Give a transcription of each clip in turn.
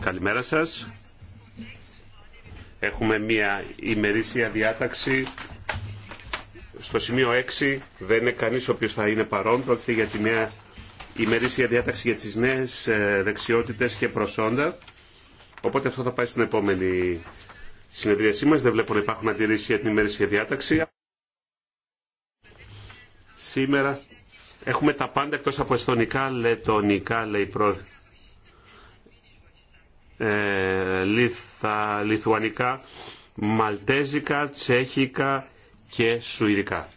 Καλημέρα σας. Έχουμε μία ημερήσια διάταξη. Στο σημείο 6 δεν είναι κανεί ο οποίος θα είναι παρόν. Πρόκειται για τη μία ημερήσια διάταξη για τις νέες ε, δεξιότητες και προσόντα. Οπότε αυτό θα πάει στην επόμενη συνεδρίασή μας. Δεν βλέπω να υπάρχουν αντιρρήσει για την ημερήσια διάταξη. Σήμερα Έχουμε τα πάντα εκτός από εστονικά, λετονικά, λέει προ... ε, λιθα, λιθουανικά, μαλτέζικα, τσέχικα και σουηδικά.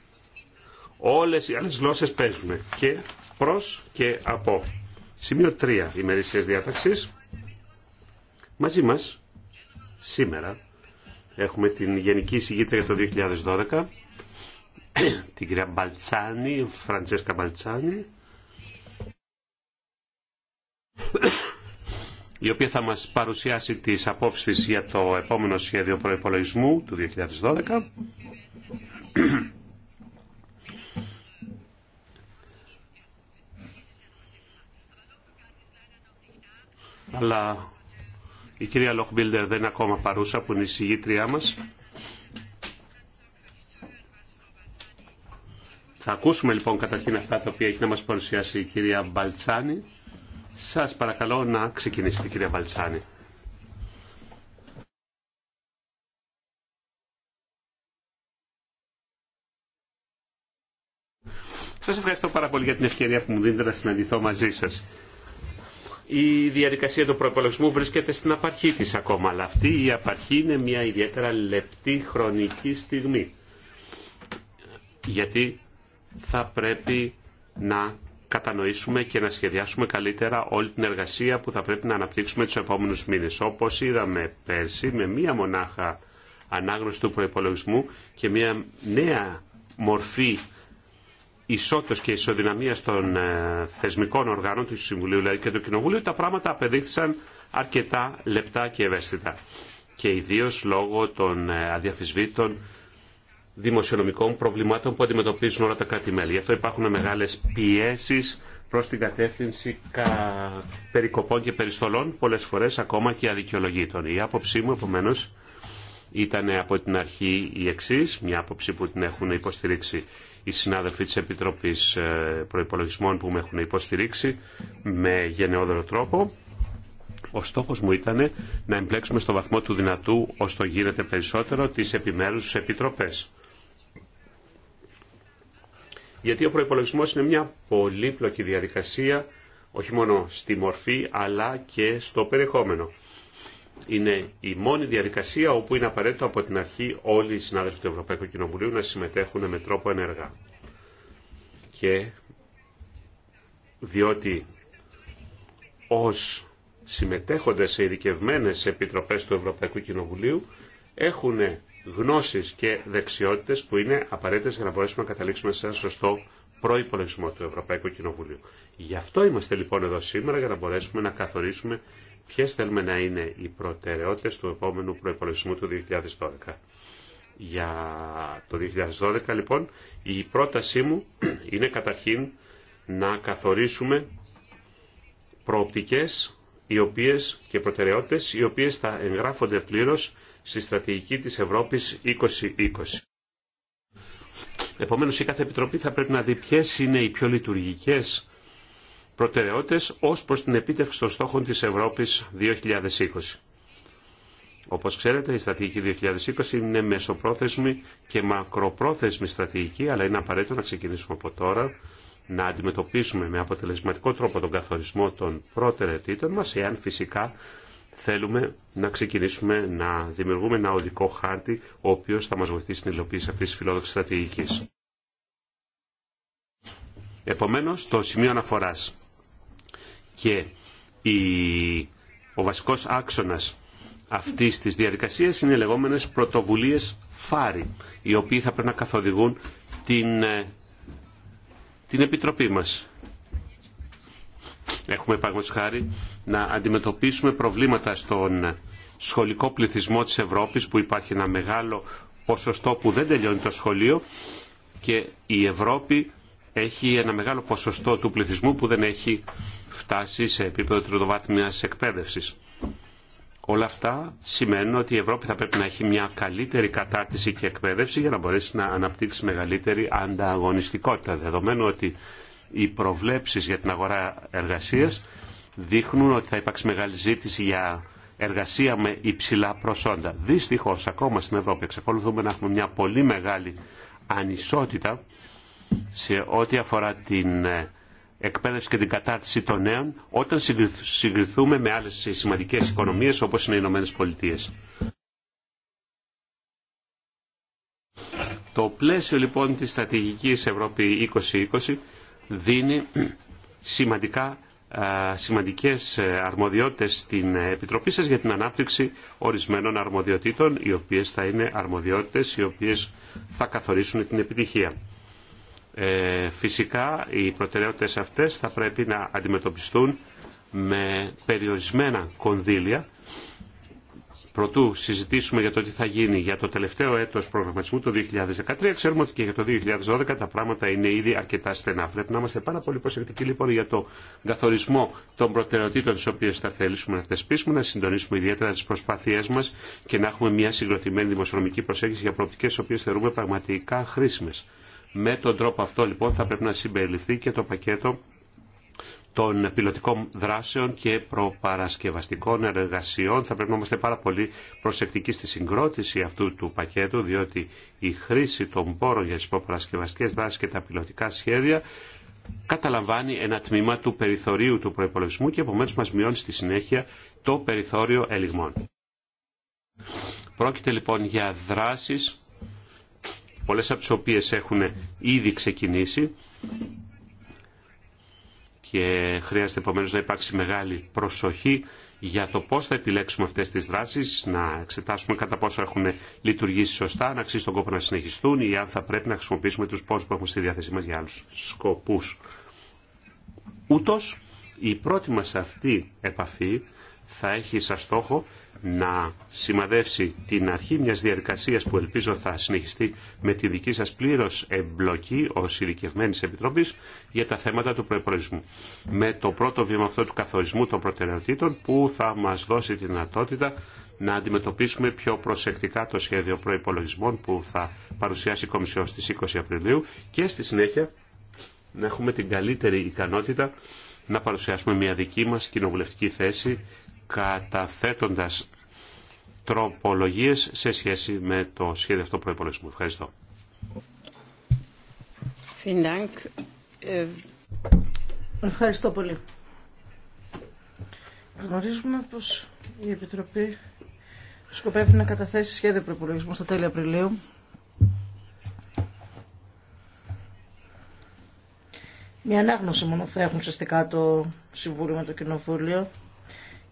Όλες οι άλλες γλώσσες παίζουν και προς και από. Σημείο 3 ημερησίες διάταξης. Μαζί μας σήμερα έχουμε την Γενική Συγγήτρια για το 2012 την κυρία Μπαλτσάνη, Φραντσέσκα Μπαλτσάνη, η οποία θα μας παρουσιάσει τις απόψεις για το επόμενο σχέδιο προϋπολογισμού του 2012. Αλλά η κυρία Λοχμπίλντερ δεν είναι ακόμα παρούσα που είναι η συγγήτριά μας. Θα ακούσουμε λοιπόν καταρχήν αυτά τα οποία έχει να μας παρουσιάσει η κυρία Μπαλτσάνη. Σας παρακαλώ να ξεκινήσετε κυρία Μπαλτσάνη. Σας ευχαριστώ πάρα πολύ για την ευκαιρία που μου δίνετε να συναντηθώ μαζί σας. Η διαδικασία του προπολογισμού βρίσκεται στην απαρχή της ακόμα, αλλά αυτή η απαρχή είναι μια ιδιαίτερα λεπτή χρονική στιγμή. Γιατί θα πρέπει να κατανοήσουμε και να σχεδιάσουμε καλύτερα όλη την εργασία που θα πρέπει να αναπτύξουμε τους επόμενους μήνες. Όπως είδαμε πέρσι με μία μονάχα ανάγνωση του προϋπολογισμού και μία νέα μορφή ισότητας και ισοδυναμίας των ε, θεσμικών οργάνων του Συμβουλίου δηλαδή και του Κοινοβουλίου, τα πράγματα απεδείχθησαν αρκετά λεπτά και ευαίσθητα. Και ιδίως λόγω των ε, αδιαφυσβήτων δημοσιονομικών προβλημάτων που αντιμετωπίζουν όλα τα κράτη-μέλη. Γι' αυτό υπάρχουν μεγάλες πιέσεις προς την κατεύθυνση κα... περικοπών και περιστολών, πολλές φορές ακόμα και αδικαιολογήτων. Η άποψή μου, επομένω, ήταν από την αρχή η εξή, μια άποψη που την έχουν υποστηρίξει οι συνάδελφοι της Επιτροπής ε, Προϋπολογισμών που με έχουν υποστηρίξει με γενναιόδερο τρόπο. Ο στόχος μου ήταν να εμπλέξουμε στο βαθμό του δυνατού, ώστε γίνεται περισσότερο, τις επιμέρους επιτροπές γιατί ο προπολογισμό είναι μια πολύπλοκη διαδικασία, όχι μόνο στη μορφή αλλά και στο περιεχόμενο. Είναι η μόνη διαδικασία όπου είναι απαραίτητο από την αρχή όλοι οι συνάδελφοι του Ευρωπαϊκού Κοινοβουλίου να συμμετέχουν με τρόπο ενεργά. Και διότι ως συμμετέχοντες σε ειδικευμένες επιτροπές του Ευρωπαϊκού Κοινοβουλίου έχουν γνώσεις και δεξιότητες που είναι απαραίτητες για να μπορέσουμε να καταλήξουμε σε ένα σωστό προϋπολογισμό του Ευρωπαϊκού Κοινοβουλίου. Γι' αυτό είμαστε λοιπόν εδώ σήμερα για να μπορέσουμε να καθορίσουμε ποιες θέλουμε να είναι οι προτεραιότητες του επόμενου προϋπολογισμού του 2012. Για το 2012 λοιπόν η πρότασή μου είναι καταρχήν να καθορίσουμε προοπτικές οποίες και προτεραιότητες οι οποίες θα εγγράφονται πλήρως στη στρατηγική της Ευρώπης 2020. Επομένως, η κάθε επιτροπή θα πρέπει να δει ποιε είναι οι πιο λειτουργικές προτεραιότητες ως προς την επίτευξη των στόχων της Ευρώπης 2020. Όπως ξέρετε, η στρατηγική 2020 είναι μεσοπρόθεσμη και μακροπρόθεσμη στρατηγική, αλλά είναι απαραίτητο να ξεκινήσουμε από τώρα να αντιμετωπίσουμε με αποτελεσματικό τρόπο τον καθορισμό των προτεραιοτήτων μας, εάν φυσικά θέλουμε να ξεκινήσουμε να δημιουργούμε ένα οδικό χάρτη ο οποίος θα μας βοηθήσει στην υλοποίηση αυτής της φιλόδοξης στρατηγικής. Επομένως, το σημείο αναφοράς και η, ο βασικός άξονας αυτής της διαδικασίας είναι οι λεγόμενες πρωτοβουλίες φάρη, οι οποίοι θα πρέπει να καθοδηγούν την, ε, την Επιτροπή μας. Έχουμε παραγωγή χάρη να αντιμετωπίσουμε προβλήματα στον σχολικό πληθυσμό της Ευρώπης που υπάρχει ένα μεγάλο ποσοστό που δεν τελειώνει το σχολείο και η Ευρώπη έχει ένα μεγάλο ποσοστό του πληθυσμού που δεν έχει φτάσει σε επίπεδο τριτοβάθμιας εκπαίδευσης. Όλα αυτά σημαίνουν ότι η Ευρώπη θα πρέπει να έχει μια καλύτερη κατάρτιση και εκπαίδευση για να μπορέσει να αναπτύξει μεγαλύτερη ανταγωνιστικότητα. Δεδομένου ότι οι προβλέψεις για την αγορά εργασίας δείχνουν ότι θα υπάρξει μεγάλη ζήτηση για εργασία με υψηλά προσόντα. Δυστυχώς ακόμα στην Ευρώπη εξακολουθούμε να έχουμε μια πολύ μεγάλη ανισότητα σε ό,τι αφορά την ε, εκπαίδευση και την κατάρτιση των νέων όταν συγκριθούμε με άλλες σημαντικές οικονομίες όπως είναι οι Ηνωμένες Πολιτείες. Το πλαίσιο λοιπόν της στρατηγικής Ευρώπη 2020 δίνει σημαντικά σημαντικές ε, αρμοδιότητες στην Επιτροπή σας για την ανάπτυξη ορισμένων αρμοδιοτήτων, οι οποίες θα είναι αρμοδιότητες οι οποίες θα καθορίσουν την επιτυχία. Ε, φυσικά οι προτεραιότητες αυτές θα πρέπει να αντιμετωπιστούν με περιορισμένα κονδύλια Προτού συζητήσουμε για το τι θα γίνει για το τελευταίο έτος προγραμματισμού το 2013, ξέρουμε ότι και για το 2012 τα πράγματα είναι ήδη αρκετά στενά. Πρέπει να είμαστε πάρα πολύ προσεκτικοί λοιπόν για το καθορισμό των προτεραιοτήτων τις οποίες θα θέλουμε να θεσπίσουμε, να συντονίσουμε ιδιαίτερα τις προσπάθειές μας και να έχουμε μια συγκροτημένη δημοσιονομική προσέγγιση για προοπτικές τις οποίες θεωρούμε πραγματικά χρήσιμες. Με τον τρόπο αυτό λοιπόν θα πρέπει να συμπεριληφθεί και το πακέτο των πιλωτικών δράσεων και προπαρασκευαστικών εργασιών. Θα πρέπει να είμαστε πάρα πολύ προσεκτικοί στη συγκρότηση αυτού του πακέτου, διότι η χρήση των πόρων για τις προπαρασκευαστικές δράσεις και τα πιλωτικά σχέδια καταλαμβάνει ένα τμήμα του περιθωρίου του προπολογισμού και επομένω μας μειώνει στη συνέχεια το περιθώριο ελιγμών. Πρόκειται λοιπόν για δράσεις, πολλές από οποίες έχουν ήδη ξεκινήσει και χρειάζεται επομένως να υπάρξει μεγάλη προσοχή για το πώς θα επιλέξουμε αυτές τις δράσεις, να εξετάσουμε κατά πόσο έχουν λειτουργήσει σωστά, να αξίζει τον κόπο να συνεχιστούν ή αν θα πρέπει να χρησιμοποιήσουμε τους πόρους που έχουμε στη διάθεσή μας για άλλους σκοπούς. Ούτως, η πρώτη μας αυτή επαφή θα έχει σαν στόχο να σημαδεύσει την αρχή μιας διαδικασίας που ελπίζω θα συνεχιστεί με τη δική σας πλήρως εμπλοκή ως ειδικευμένης επιτροπής για τα θέματα του προϋπολογισμού. Με το πρώτο βήμα αυτό του καθορισμού των προτεραιοτήτων που θα μας δώσει τη δυνατότητα να αντιμετωπίσουμε πιο προσεκτικά το σχέδιο προϋπολογισμών που θα παρουσιάσει η Κομισιόν στις 20 Απριλίου και στη συνέχεια να έχουμε την καλύτερη ικανότητα να παρουσιάσουμε μια δική μας κοινοβουλευτική θέση καταθέτοντας τροπολογίες σε σχέση με το σχέδιο αυτό προϋπολογισμού. Ευχαριστώ. Ε, ευχαριστώ πολύ. Γνωρίζουμε πως η Επιτροπή σκοπεύει να καταθέσει σχέδιο προϋπολογισμού στα τέλη Απριλίου. Μια ανάγνωση μόνο θα έχουν ουσιαστικά το Συμβούλιο με το Κοινοβούλιο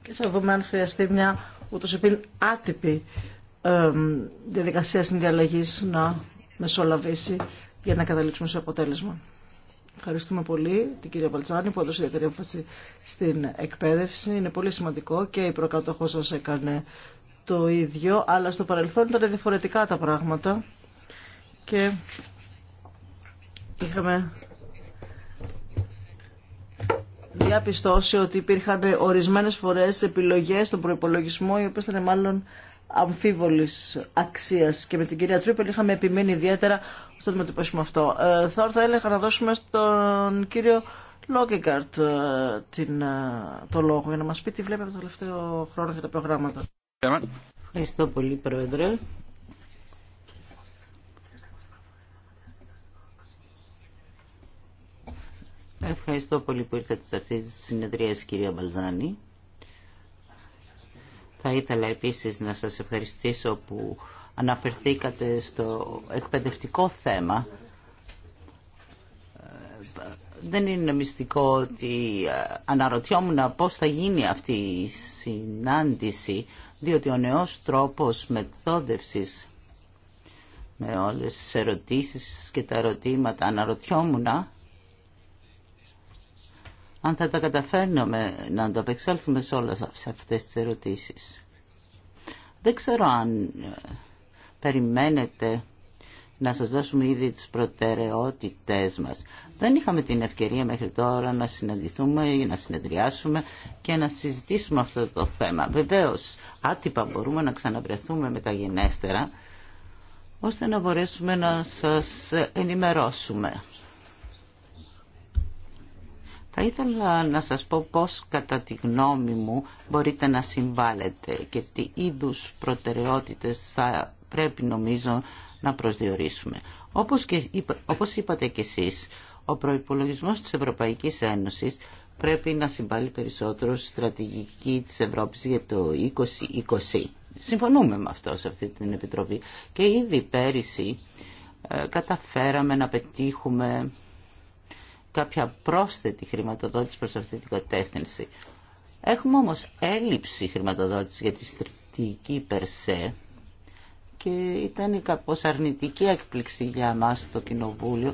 και θα δούμε αν χρειαστεί μια ούτως επίν άτυπη διαδικασία συνδιαλλαγής να μεσολαβήσει για να καταλήξουμε σε αποτέλεσμα. Ευχαριστούμε πολύ την κυρία Παλτσάνη που έδωσε ιδιαίτερη έμφαση στην εκπαίδευση. Είναι πολύ σημαντικό και η προκάτοχό σα έκανε το ίδιο, αλλά στο παρελθόν ήταν διαφορετικά τα πράγματα και είχαμε διαπιστώσει ότι υπήρχαν ορισμένες φορές επιλογές στον προϋπολογισμό οι οποίες ήταν μάλλον αμφίβολης αξίας και με την κυρία Τρίπελ είχαμε επιμείνει ιδιαίτερα στο αντιμετωπίσουμε αυτό. Ε, θα έλεγα να δώσουμε στον κύριο ε, την ε, το λόγο για να μας πει τι βλέπει από το τελευταίο χρόνο για τα προγράμματα. Ευχαριστώ πολύ Πρόεδρε. Ευχαριστώ πολύ που ήρθατε σε αυτή τη συνεδρία, κυρία Μπαλζάνη. Θα ήθελα επίσης να σας ευχαριστήσω που αναφερθήκατε στο εκπαιδευτικό θέμα. Δεν είναι μυστικό ότι ε, αναρωτιόμουν πώς θα γίνει αυτή η συνάντηση, διότι ο νέος τρόπος μεθόδευσης με όλες τις ερωτήσεις και τα ερωτήματα αναρωτιόμουν αν θα τα καταφέρνουμε να ανταπεξέλθουμε σε όλες αυτές τις ερωτήσεις. Δεν ξέρω αν ε, περιμένετε να σας δώσουμε ήδη τις προτεραιότητές μας. Δεν είχαμε την ευκαιρία μέχρι τώρα να συναντηθούμε ή να συνεδριάσουμε και να συζητήσουμε αυτό το θέμα. Βεβαίως, άτυπα μπορούμε να ξαναβρεθούμε με τα γενέστερα, ώστε να μπορέσουμε να σας ενημερώσουμε. Θα ήθελα να σας πω πώς κατά τη γνώμη μου μπορείτε να συμβάλλετε και τι είδους προτεραιότητες θα πρέπει νομίζω να προσδιορίσουμε. Όπως, και, όπως είπατε κι εσείς, ο προϋπολογισμός της Ευρωπαϊκής Ένωσης πρέπει να συμβάλλει περισσότερο στη στρατηγική της Ευρώπης για το 2020. Συμφωνούμε με αυτό σε αυτή την Επιτροπή και ήδη πέρυσι ε, καταφέραμε να πετύχουμε κάποια πρόσθετη χρηματοδότηση προς αυτή την κατεύθυνση. Έχουμε όμως έλλειψη χρηματοδότηση για τη στρατηγική περσέ και ήταν κάπως αρνητική έκπληξη για μας το Κοινοβούλιο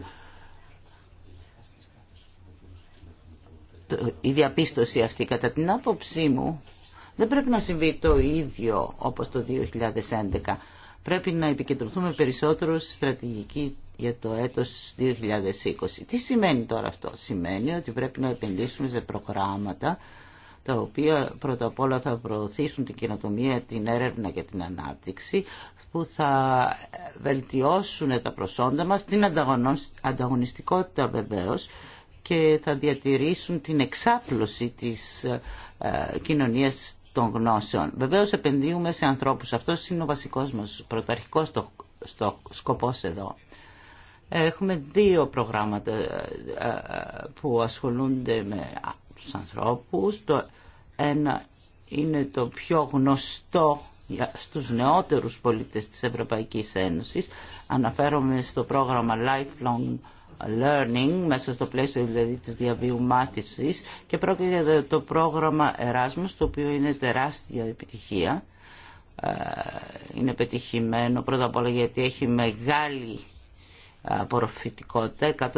η διαπίστωση αυτή κατά την άποψή μου δεν πρέπει να συμβεί το ίδιο όπως το 2011. Πρέπει να επικεντρωθούμε περισσότερο στη στρατηγική για το έτος 2020. Τι σημαίνει τώρα αυτό. Σημαίνει ότι πρέπει να επενδύσουμε σε προγράμματα τα οποία πρώτα απ' όλα θα προωθήσουν την κοινοτομία, την έρευνα και την ανάπτυξη, που θα βελτιώσουν τα προσόντα μας, την ανταγωνιστικότητα βεβαίω και θα διατηρήσουν την εξάπλωση της ε, κοινωνίας των γνώσεων. Βεβαίως επενδύουμε σε ανθρώπους. Αυτός είναι ο βασικός μας πρωταρχικός στο σκοπός εδώ. Έχουμε δύο προγράμματα ε, ε, που ασχολούνται με τους ανθρώπους. Το ένα είναι το πιο γνωστό στους νεότερους πολίτες της Ευρωπαϊκής Ένωσης. Αναφέρομαι στο πρόγραμμα Lifelong Learning, μέσα στο πλαίσιο δηλαδή της διαβίου και πρόκειται για το πρόγραμμα Erasmus, το οποίο είναι τεράστια επιτυχία. Ε, είναι πετυχημένο πρώτα απ' όλα γιατί έχει μεγάλη απορροφητικότητα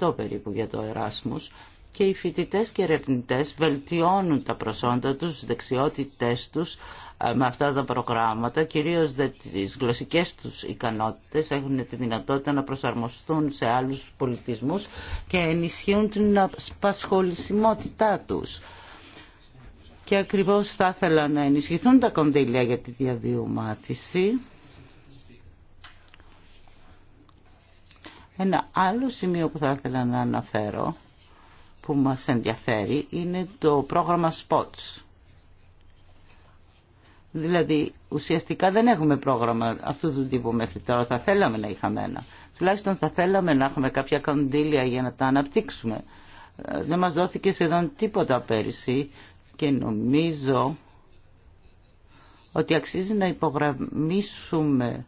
100% περίπου για το Εράσμους και οι φοιτητές και ερευνητέ βελτιώνουν τα προσόντα τους, τις δεξιότητές τους ε, με αυτά τα προγράμματα, κυρίως δε τις γλωσσικές τους ικανότητες έχουν τη δυνατότητα να προσαρμοστούν σε άλλους πολιτισμούς και ενισχύουν την απασχολησιμότητά τους. Και ακριβώς θα ήθελα να ενισχυθούν τα κονδύλια για τη διαβίου μάθηση. Ένα άλλο σημείο που θα ήθελα να αναφέρω που μας ενδιαφέρει είναι το πρόγραμμα SPOTS. Δηλαδή ουσιαστικά δεν έχουμε πρόγραμμα αυτού του τύπου μέχρι τώρα. Θα θέλαμε να είχαμε ένα. Τουλάχιστον θα θέλαμε να έχουμε κάποια καντήλια για να τα αναπτύξουμε. Ε, δεν μας δόθηκε σχεδόν τίποτα πέρυσι και νομίζω ότι αξίζει να υπογραμμίσουμε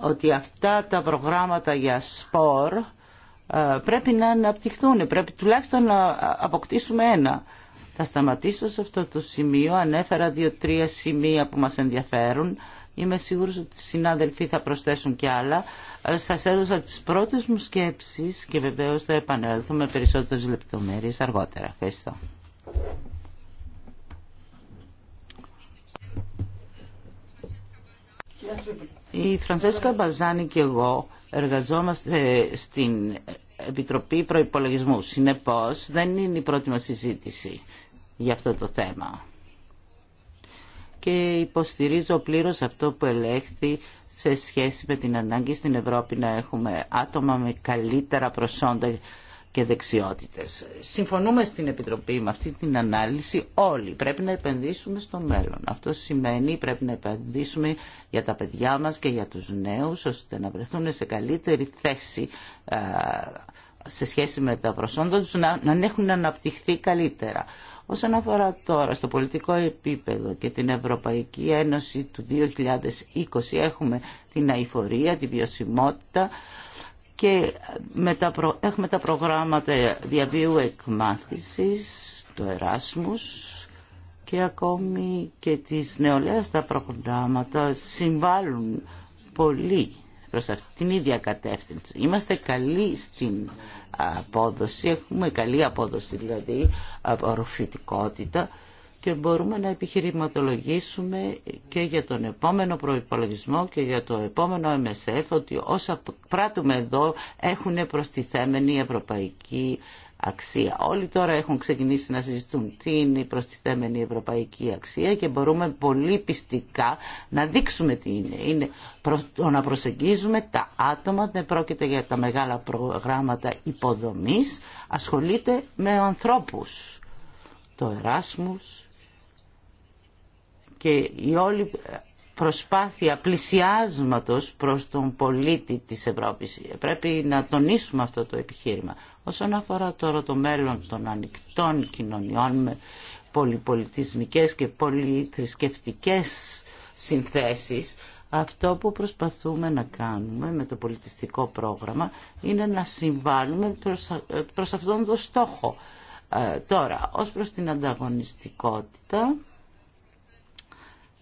ότι αυτά τα προγράμματα για σπορ ε, πρέπει να αναπτυχθούν, πρέπει τουλάχιστον να αποκτήσουμε ένα. Θα σταματήσω σε αυτό το σημείο, ανέφερα δύο-τρία σημεία που μας ενδιαφέρουν. Είμαι σίγουρος ότι οι συνάδελφοί θα προσθέσουν κι άλλα. Ε, σας έδωσα τις πρώτες μου σκέψεις και βεβαίως θα επανέλθουμε με περισσότερες λεπτομέρειες αργότερα. Ευχαριστώ. Η Φρανσέσκα Μπαλζάνη και εγώ εργαζόμαστε στην Επιτροπή Προϋπολογισμού. Συνεπώς δεν είναι η πρώτη μας συζήτηση για αυτό το θέμα. Και υποστηρίζω πλήρως αυτό που ελέγχθη σε σχέση με την ανάγκη στην Ευρώπη να έχουμε άτομα με καλύτερα προσόντα και δεξιότητες. Συμφωνούμε στην Επιτροπή με αυτή την ανάλυση όλοι. Πρέπει να επενδύσουμε στο μέλλον. Αυτό σημαίνει πρέπει να επενδύσουμε για τα παιδιά μας και για τους νέους ώστε να βρεθούν σε καλύτερη θέση σε σχέση με τα προσόντα τους να, να έχουν αναπτυχθεί καλύτερα. Όσον αφορά τώρα στο πολιτικό επίπεδο και την Ευρωπαϊκή Ένωση του 2020 έχουμε την αηφορία, την βιωσιμότητα, και έχουμε τα προγράμματα διαβίου εκμάθησης, το Εράσμους και ακόμη και τις νεολαίες τα προγράμματα συμβάλλουν πολύ προς αυτή την ίδια κατεύθυνση. Είμαστε καλοί στην απόδοση, έχουμε καλή απόδοση δηλαδή, απορροφητικότητα και μπορούμε να επιχειρηματολογήσουμε και για τον επόμενο προϋπολογισμό και για το επόμενο MSF ότι όσα πράττουμε εδώ έχουν προστιθέμενη ευρωπαϊκή αξία. Όλοι τώρα έχουν ξεκινήσει να συζητούν τι είναι η προστιθέμενη ευρωπαϊκή αξία και μπορούμε πολύ πιστικά να δείξουμε τι είναι. Είναι να προσεγγίζουμε τα άτομα, δεν πρόκειται για τα μεγάλα προγράμματα υποδομής, ασχολείται με ανθρώπους. Το Εράσμους, και η όλη προσπάθεια πλησιάσματος προς τον πολίτη της Ευρώπης. Πρέπει να τονίσουμε αυτό το επιχείρημα. Όσον αφορά τώρα το μέλλον των ανοιχτών κοινωνιών με πολυπολιτισμικές και πολυθρησκευτικές συνθέσεις, αυτό που προσπαθούμε να κάνουμε με το πολιτιστικό πρόγραμμα είναι να συμβάλλουμε προς, προς αυτόν τον στόχο. Ε, τώρα, ως προς την ανταγωνιστικότητα,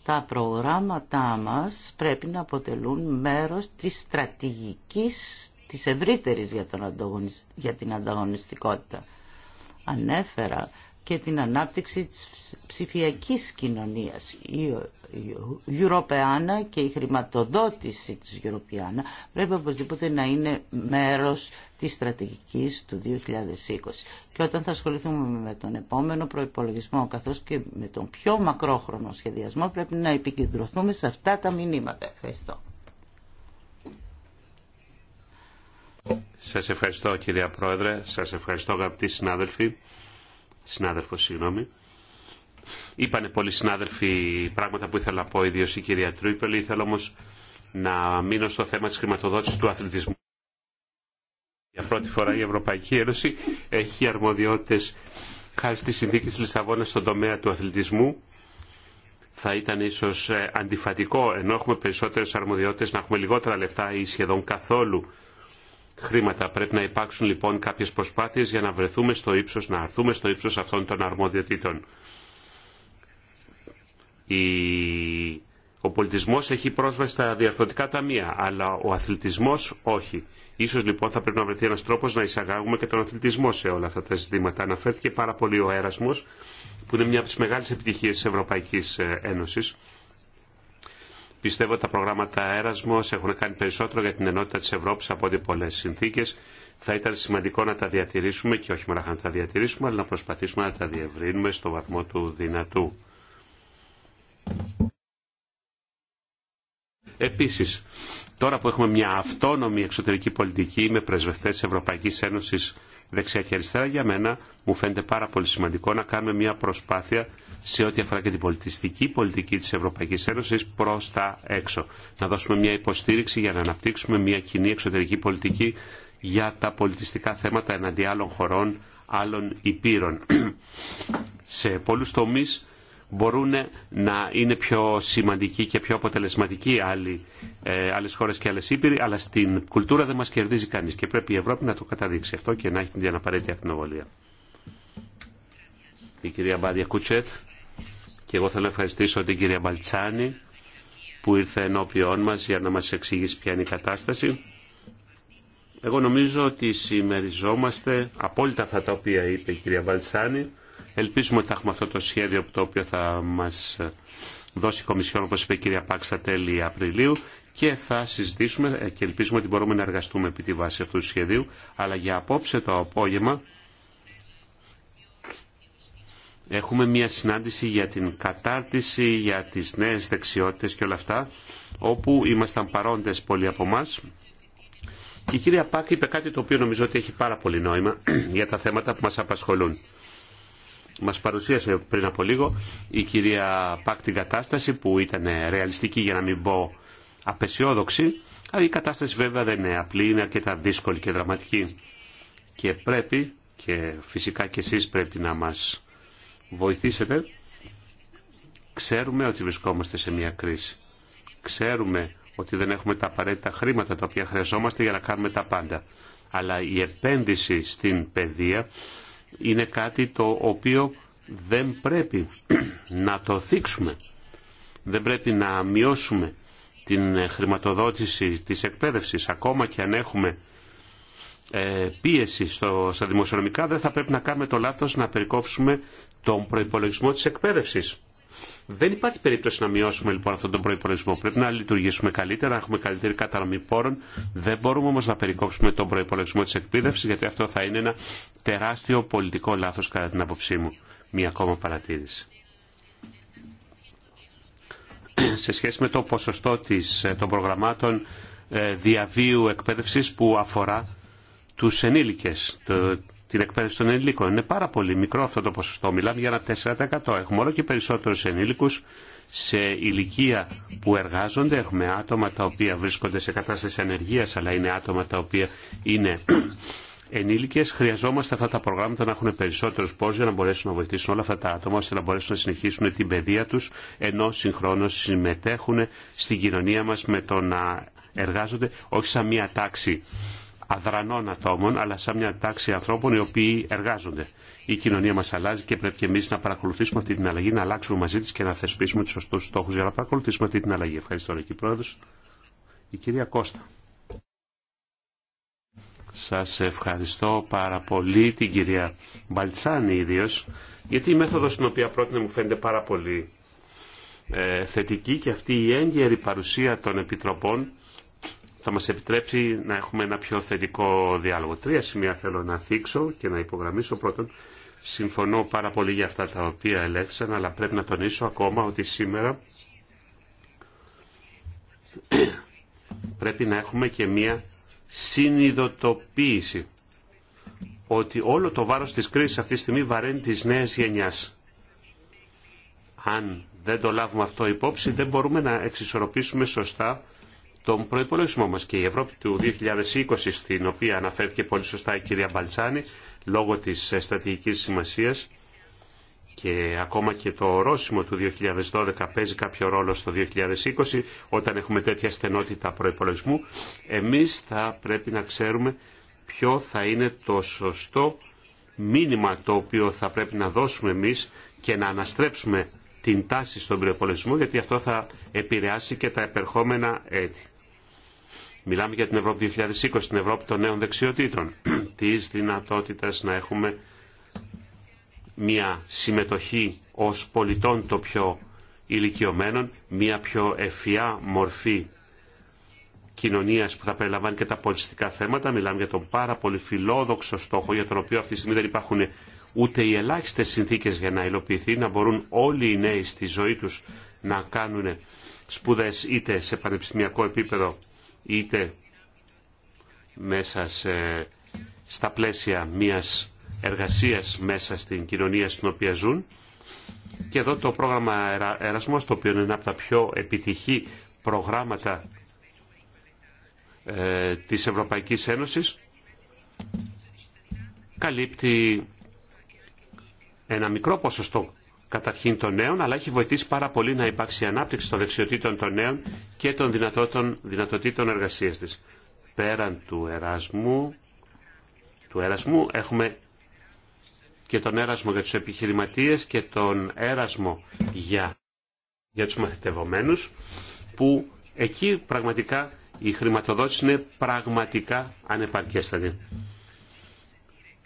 τα προγράμματά μας πρέπει να αποτελούν μέρος της στρατηγικής, της ευρύτερης για, τον για την ανταγωνιστικότητα. Ανέφερα και την ανάπτυξη της ψηφιακής κοινωνίας, Europeana και η χρηματοδότηση της Europeana πρέπει οπωσδήποτε να είναι μέρος της στρατηγικής του 2020. Και όταν θα ασχοληθούμε με τον επόμενο προϋπολογισμό καθώς και με τον πιο μακρόχρονο σχεδιασμό πρέπει να επικεντρωθούμε σε αυτά τα μηνύματα. Ευχαριστώ. Σας ευχαριστώ κυρία Πρόεδρε, σας ευχαριστώ αγαπητοί συνάδελφοι, συνάδελφος συγγνώμη. Είπανε πολλοί συνάδελφοι πράγματα που ήθελα να πω, ιδίω η κυρία Τρούπελ. Ήθελα όμω να μείνω στο θέμα τη χρηματοδότηση του αθλητισμού. Για πρώτη φορά η Ευρωπαϊκή Ένωση έχει αρμοδιότητε χάρη στη συνθήκη τη Λισαβόνα στον τομέα του αθλητισμού. Θα ήταν ίσω ε, αντιφατικό, ενώ έχουμε περισσότερε αρμοδιότητε, να έχουμε λιγότερα λεφτά ή σχεδόν καθόλου χρήματα. Πρέπει να υπάρξουν λοιπόν κάποιε προσπάθειε για να βρεθούμε στο ύψο, να αρθούμε στο ύψο αυτών των αρμοδιοτήτων ο πολιτισμός έχει πρόσβαση στα διαρθρωτικά ταμεία, αλλά ο αθλητισμός όχι. Ίσως λοιπόν θα πρέπει να βρεθεί ένας τρόπος να εισαγάγουμε και τον αθλητισμό σε όλα αυτά τα ζητήματα. Αναφέρθηκε πάρα πολύ ο Έρασμος, που είναι μια από τις μεγάλες επιτυχίες της Ευρωπαϊκής ε, Ένωσης. Πιστεύω ότι τα προγράμματα Έρασμος έχουν κάνει περισσότερο για την ενότητα της Ευρώπης από ό,τι πολλές συνθήκες. Θα ήταν σημαντικό να τα διατηρήσουμε και όχι μόνο να τα διατηρήσουμε, αλλά να προσπαθήσουμε να τα διευρύνουμε στο βαθμό του δυνατού. Επίσης, τώρα που έχουμε μια αυτόνομη εξωτερική πολιτική με πρεσβευτές της Ευρωπαϊκής Ένωσης δεξιά και αριστερά, για μένα μου φαίνεται πάρα πολύ σημαντικό να κάνουμε μια προσπάθεια σε ό,τι αφορά και την πολιτιστική πολιτική της Ευρωπαϊκής Ένωσης προς τα έξω. Να δώσουμε μια υποστήριξη για να αναπτύξουμε μια κοινή εξωτερική πολιτική για τα πολιτιστικά θέματα εναντί άλλων χωρών, άλλων υπήρων. σε πολλούς τομείς μπορούν να είναι πιο σημαντικοί και πιο αποτελεσματικοί άλλοι, ε, άλλες χώρες και άλλες ήπειροι, αλλά στην κουλτούρα δεν μας κερδίζει κανείς και πρέπει η Ευρώπη να το καταδείξει αυτό και να έχει την διαναπαραίτητη ακτινοβολία. Η κυρία Μπάντια Κουτσέτ και εγώ θέλω να ευχαριστήσω την κυρία Μπαλτσάνη που ήρθε ενώπιόν μας για να μας εξηγήσει ποια είναι η κατάσταση. Εγώ νομίζω ότι συμμεριζόμαστε απόλυτα αυτά τα οποία είπε η κυρία Μπαλτσάνη Ελπίζουμε ότι θα έχουμε αυτό το σχέδιο το οποίο θα μας δώσει η Κομισιόν, όπως είπε η κυρία Πάξ, στα τέλη Απριλίου και θα συζητήσουμε και ελπίζουμε ότι μπορούμε να εργαστούμε επί τη βάση αυτού του σχεδίου. Αλλά για απόψε το απόγευμα έχουμε μια συνάντηση για την κατάρτιση, για τις νέες δεξιότητες και όλα αυτά, όπου ήμασταν παρόντες πολλοί από εμά. Η κυρία Πάκη είπε κάτι το οποίο νομίζω ότι έχει πάρα πολύ νόημα για τα θέματα που μας απασχολούν μας παρουσίασε πριν από λίγο η κυρία Πακ την κατάσταση που ήταν ρεαλιστική για να μην πω απεσιόδοξη, αλλά η κατάσταση βέβαια δεν είναι απλή, είναι αρκετά δύσκολη και δραματική. Και πρέπει, και φυσικά και εσείς πρέπει να μας βοηθήσετε, ξέρουμε ότι βρισκόμαστε σε μια κρίση. Ξέρουμε ότι δεν έχουμε τα απαραίτητα χρήματα τα οποία χρειαζόμαστε για να κάνουμε τα πάντα. Αλλά η επένδυση στην παιδεία είναι κάτι το οποίο δεν πρέπει να το θίξουμε. Δεν πρέπει να μειώσουμε την ε, χρηματοδότηση της εκπαίδευσης. Ακόμα και αν έχουμε ε, πίεση στο, στα δημοσιονομικά δεν θα πρέπει να κάνουμε το λάθος να περικόψουμε τον προϋπολογισμό της εκπαίδευσης. Δεν υπάρχει περίπτωση να μειώσουμε λοιπόν αυτόν τον προπολογισμό. Πρέπει να λειτουργήσουμε καλύτερα, να έχουμε καλύτερη κατανομή πόρων. Δεν μπορούμε όμω να περικόψουμε τον προπολογισμό τη εκπαίδευση, γιατί αυτό θα είναι ένα τεράστιο πολιτικό λάθο κατά την άποψή μου. Μία ακόμα παρατήρηση. Σε σχέση με το ποσοστό της, ε, των προγραμμάτων ε, διαβίου εκπαίδευση που αφορά του ενήλικε το, την εκπαίδευση των ενηλίκων. Είναι πάρα πολύ μικρό αυτό το ποσοστό. Μιλάμε για ένα 4%. Έχουμε όλο και περισσότερου ενήλικου σε ηλικία που εργάζονται. Έχουμε άτομα τα οποία βρίσκονται σε κατάσταση ανεργία, αλλά είναι άτομα τα οποία είναι ενήλικε. Χρειαζόμαστε αυτά τα προγράμματα να έχουν περισσότερου πόρους για να μπορέσουν να βοηθήσουν όλα αυτά τα άτομα, ώστε να μπορέσουν να συνεχίσουν την παιδεία του ενώ συγχρονώ συμμετέχουν στην κοινωνία μα με το να εργάζονται όχι σαν μία τάξη αδρανών ατόμων, αλλά σαν μια τάξη ανθρώπων οι οποίοι εργάζονται. Η κοινωνία μα αλλάζει και πρέπει και εμεί να παρακολουθήσουμε αυτή την αλλαγή, να αλλάξουμε μαζί τη και να θεσπίσουμε του σωστού στόχου για να παρακολουθήσουμε αυτή την αλλαγή. Ευχαριστώ, Ρεκή Πρόεδρο. Η κυρία Κώστα. Σας ευχαριστώ πάρα πολύ την κυρία Μπαλτσάνη ιδίω, γιατί η μέθοδος στην οποία πρότεινε μου φαίνεται πάρα πολύ ε, θετική και αυτή η έγκαιρη παρουσία των επιτροπών θα μας επιτρέψει να έχουμε ένα πιο θετικό διάλογο. Τρία σημεία θέλω να θίξω και να υπογραμμίσω. Πρώτον, συμφωνώ πάρα πολύ για αυτά τα οποία ελέγξαν, αλλά πρέπει να τονίσω ακόμα ότι σήμερα πρέπει να έχουμε και μία συνειδητοποίηση ότι όλο το βάρος της κρίσης αυτή τη στιγμή βαραίνει τις νέες γενιάς. Αν δεν το λάβουμε αυτό υπόψη, δεν μπορούμε να εξισορροπήσουμε σωστά τον προϋπολογισμό μας και η Ευρώπη του 2020 στην οποία αναφέρθηκε πολύ σωστά η κυρία Μπαλτσάνη λόγω της στρατηγικής σημασίας και ακόμα και το ορόσημο του 2012 παίζει κάποιο ρόλο στο 2020 όταν έχουμε τέτοια στενότητα προϋπολογισμού εμείς θα πρέπει να ξέρουμε ποιο θα είναι το σωστό μήνυμα το οποίο θα πρέπει να δώσουμε εμείς και να αναστρέψουμε την τάση στον προϋπολογισμό γιατί αυτό θα επηρεάσει και τα επερχόμενα έτη. Μιλάμε για την Ευρώπη 2020, την Ευρώπη των νέων δεξιοτήτων, της δυνατότητας να έχουμε μια συμμετοχή ως πολιτών το πιο ηλικιωμένων, μια πιο ευφυά μορφή κοινωνίας που θα περιλαμβάνει και τα πολιτιστικά θέματα. Μιλάμε για τον πάρα πολύ φιλόδοξο στόχο για τον οποίο αυτή τη στιγμή δεν υπάρχουν ούτε οι ελάχιστε συνθήκες για να υλοποιηθεί, να μπορούν όλοι οι νέοι στη ζωή τους να κάνουν σπουδές είτε σε πανεπιστημιακό επίπεδο είτε μέσα στα πλαίσια μιας εργασίας μέσα στην κοινωνία στην οποία ζουν. Και εδώ το πρόγραμμα Ερασμός, το οποίο είναι ένα από τα πιο επιτυχή προγράμματα ε, της Ευρωπαϊκής Ένωσης, καλύπτει ένα μικρό ποσοστό καταρχήν των νέων, αλλά έχει βοηθήσει πάρα πολύ να υπάρξει ανάπτυξη των δεξιοτήτων των νέων και των δυνατοτήτων εργασίας της. Πέραν του Εράσμου, του Ερασμού έχουμε και τον έρασμο για τους επιχειρηματίες και τον έρασμο για, για τους μαθητευομένους που εκεί πραγματικά η χρηματοδότηση είναι πραγματικά ανεπαρκέστατη.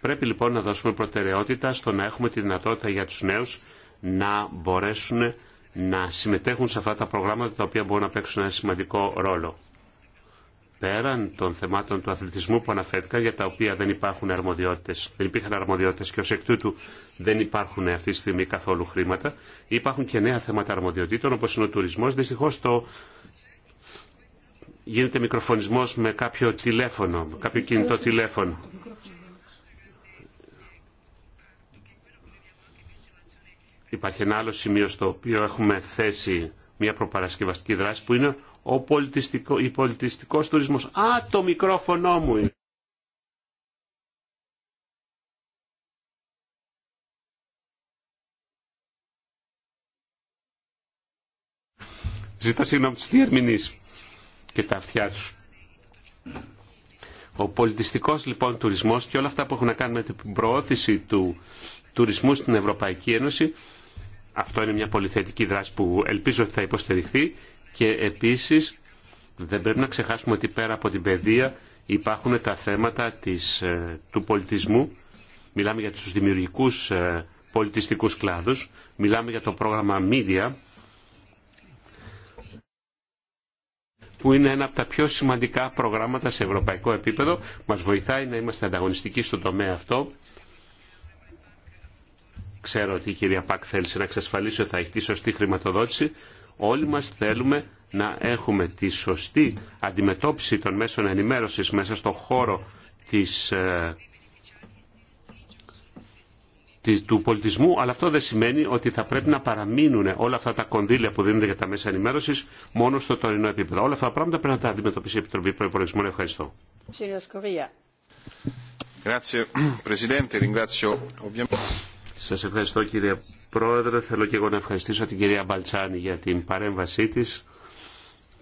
Πρέπει λοιπόν να δώσουμε προτεραιότητα στο να έχουμε τη δυνατότητα για τους νέους να μπορέσουν να συμμετέχουν σε αυτά τα προγράμματα τα οποία μπορούν να παίξουν ένα σημαντικό ρόλο. Πέραν των θεμάτων του αθλητισμού που αναφέρθηκα, για τα οποία δεν υπάρχουν αρμοδιότητες, δεν υπήρχαν αρμοδιότητε και ω εκ τούτου δεν υπάρχουν αυτή τη στιγμή καθόλου χρήματα, υπάρχουν και νέα θέματα αρμοδιοτήτων όπω είναι ο τουρισμός. Δυστυχώ γίνεται μικροφωνισμό με κάποιο τηλέφωνο, με κάποιο κινητό τηλέφωνο. Υπάρχει ένα άλλο σημείο στο οποίο έχουμε θέσει μια προπαρασκευαστική δράση που είναι ο πολιτιστικό, η πολιτιστικός τουρισμός. Α, το μικρόφωνο μου είναι. Ζητώ συγγνώμη τους διερμηνείς και τα αυτιά τους. Ο πολιτιστικός λοιπόν τουρισμός και όλα αυτά που έχουν να κάνουν με την προώθηση του τουρισμού στην Ευρωπαϊκή Ένωση αυτό είναι μια πολυθετική δράση που ελπίζω ότι θα υποστηριχθεί και επίσης δεν πρέπει να ξεχάσουμε ότι πέρα από την παιδεία υπάρχουν τα θέματα της, ε, του πολιτισμού. Μιλάμε για τους δημιουργικούς ε, πολιτιστικούς κλάδους, μιλάμε για το πρόγραμμα Media, που είναι ένα από τα πιο σημαντικά προγράμματα σε ευρωπαϊκό επίπεδο. Μας βοηθάει να είμαστε ανταγωνιστικοί στον τομέα αυτό Ξέρω ότι η κυρία Πακ θέλησε να εξασφαλίσει ότι θα έχει τη σωστή χρηματοδότηση. Όλοι μας θέλουμε να έχουμε τη σωστή αντιμετώπιση των μέσων ενημέρωσης μέσα στον χώρο ε, της, του πολιτισμού, αλλά αυτό δεν σημαίνει ότι θα πρέπει να παραμείνουν όλα αυτά τα κονδύλια που δίνονται για τα μέσα ενημέρωσης μόνο στο τωρινό επίπεδο. Όλα αυτά τα πράγματα πρέπει να τα αντιμετωπίσει η Επιτροπή Προπολογισμών. Ευχαριστώ. Σα ευχαριστώ κύριε Πρόεδρε. Θέλω και εγώ να ευχαριστήσω την κυρία Μπαλτσάνη για την παρέμβασή τη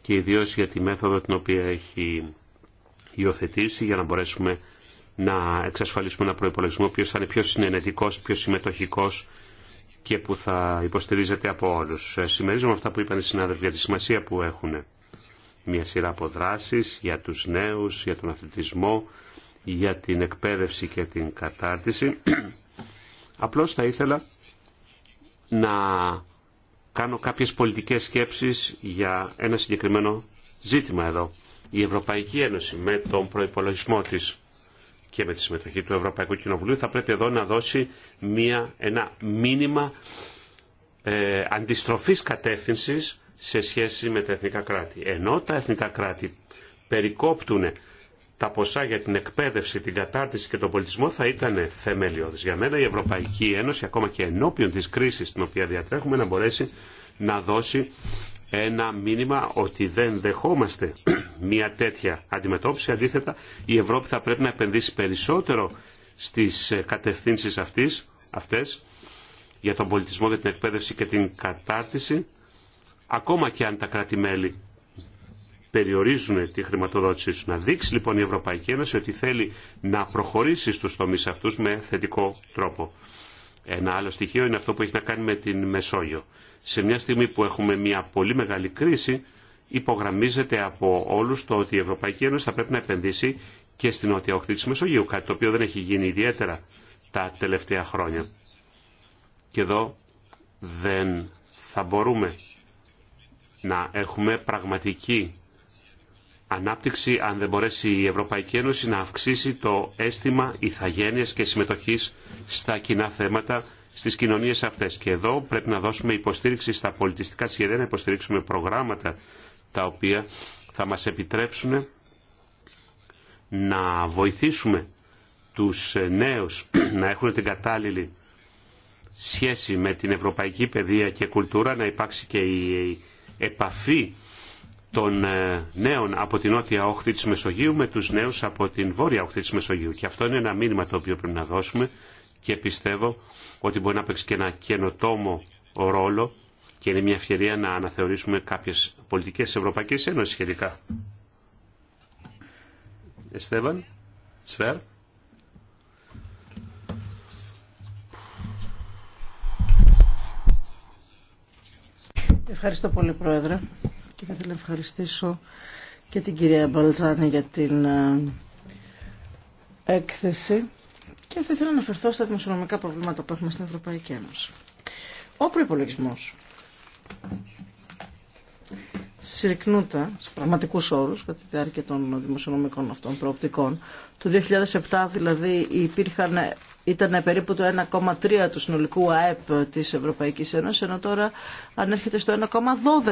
και ιδίω για τη μέθοδο την οποία έχει υιοθετήσει για να μπορέσουμε να εξασφαλίσουμε ένα προπολογισμό ο οποίο θα είναι πιο συνενετικό, πιο συμμετοχικό και που θα υποστηρίζεται από όλου. Ε, Συμμερίζομαι αυτά που είπαν οι συνάδελφοι για τη σημασία που έχουν μια σειρά από δράσει για του νέου, για τον αθλητισμό, για την εκπαίδευση και την κατάρτιση. Απλώς θα ήθελα να κάνω κάποιες πολιτικές σκέψεις για ένα συγκεκριμένο ζήτημα εδώ. Η Ευρωπαϊκή Ένωση με τον προϋπολογισμό της και με τη συμμετοχή του Ευρωπαϊκού Κοινοβουλίου θα πρέπει εδώ να δώσει μια, ένα μήνυμα ε, αντιστροφής κατεύθυνσης σε σχέση με τα εθνικά κράτη. Ενώ τα εθνικά κράτη περικόπτουν τα ποσά για την εκπαίδευση, την κατάρτιση και τον πολιτισμό θα ήταν θεμελιώδη. Για μένα η Ευρωπαϊκή Ένωση, ακόμα και ενώπιον της κρίσης την οποία διατρέχουμε, να μπορέσει να δώσει ένα μήνυμα ότι δεν δεχόμαστε μια τέτοια αντιμετώπιση. Αντίθετα, η Ευρώπη θα πρέπει να επενδύσει περισσότερο στι κατευθύνσει αυτέ για τον πολιτισμό, για την εκπαίδευση και την κατάρτιση, ακόμα και αν τα κράτη-μέλη περιορίζουν τη χρηματοδότησή του. Να δείξει λοιπόν η Ευρωπαϊκή Ένωση ότι θέλει να προχωρήσει στους τομείς αυτούς με θετικό τρόπο. Ένα άλλο στοιχείο είναι αυτό που έχει να κάνει με την Μεσόγειο. Σε μια στιγμή που έχουμε μια πολύ μεγάλη κρίση, υπογραμμίζεται από όλους το ότι η Ευρωπαϊκή Ένωση θα πρέπει να επενδύσει και στην νότια όχθη της Μεσογείου, κάτι το οποίο δεν έχει γίνει ιδιαίτερα τα τελευταία χρόνια. Και εδώ δεν θα μπορούμε να έχουμε πραγματική ανάπτυξη αν δεν μπορέσει η Ευρωπαϊκή Ένωση να αυξήσει το αίσθημα ηθαγένειας και συμμετοχής στα κοινά θέματα στις κοινωνίες αυτές. Και εδώ πρέπει να δώσουμε υποστήριξη στα πολιτιστικά σχέδια, να υποστηρίξουμε προγράμματα τα οποία θα μας επιτρέψουν να βοηθήσουμε τους νέους να έχουν την κατάλληλη σχέση με την ευρωπαϊκή παιδεία και κουλτούρα, να υπάρξει και η επαφή των ε, νέων από την νότια όχθη της Μεσογείου με τους νέους από την βόρεια όχθη της Μεσογείου. Και αυτό είναι ένα μήνυμα το οποίο πρέπει να δώσουμε και πιστεύω ότι μπορεί να παίξει και ένα καινοτόμο ρόλο και είναι μια ευκαιρία να αναθεωρήσουμε κάποιες πολιτικές της Ευρωπαϊκής Ένωσης σχετικά. Ευχαριστώ πολύ, Πρόεδρε και θα ήθελα να ευχαριστήσω και την κυρία Μπαλζάνη για την ε, έκθεση και θα ήθελα να αναφερθώ στα δημοσιονομικά προβλήματα που έχουμε στην Ευρωπαϊκή Ένωση. Ο προπολογισμό συρρυκνούτα σε πραγματικούς όρους κατά τη διάρκεια των δημοσιονομικών αυτών προοπτικών. Το 2007 δηλαδή ήταν περίπου το 1,3 του συνολικού ΑΕΠ της Ευρωπαϊκής Ένωσης, ενώ τώρα ανέρχεται στο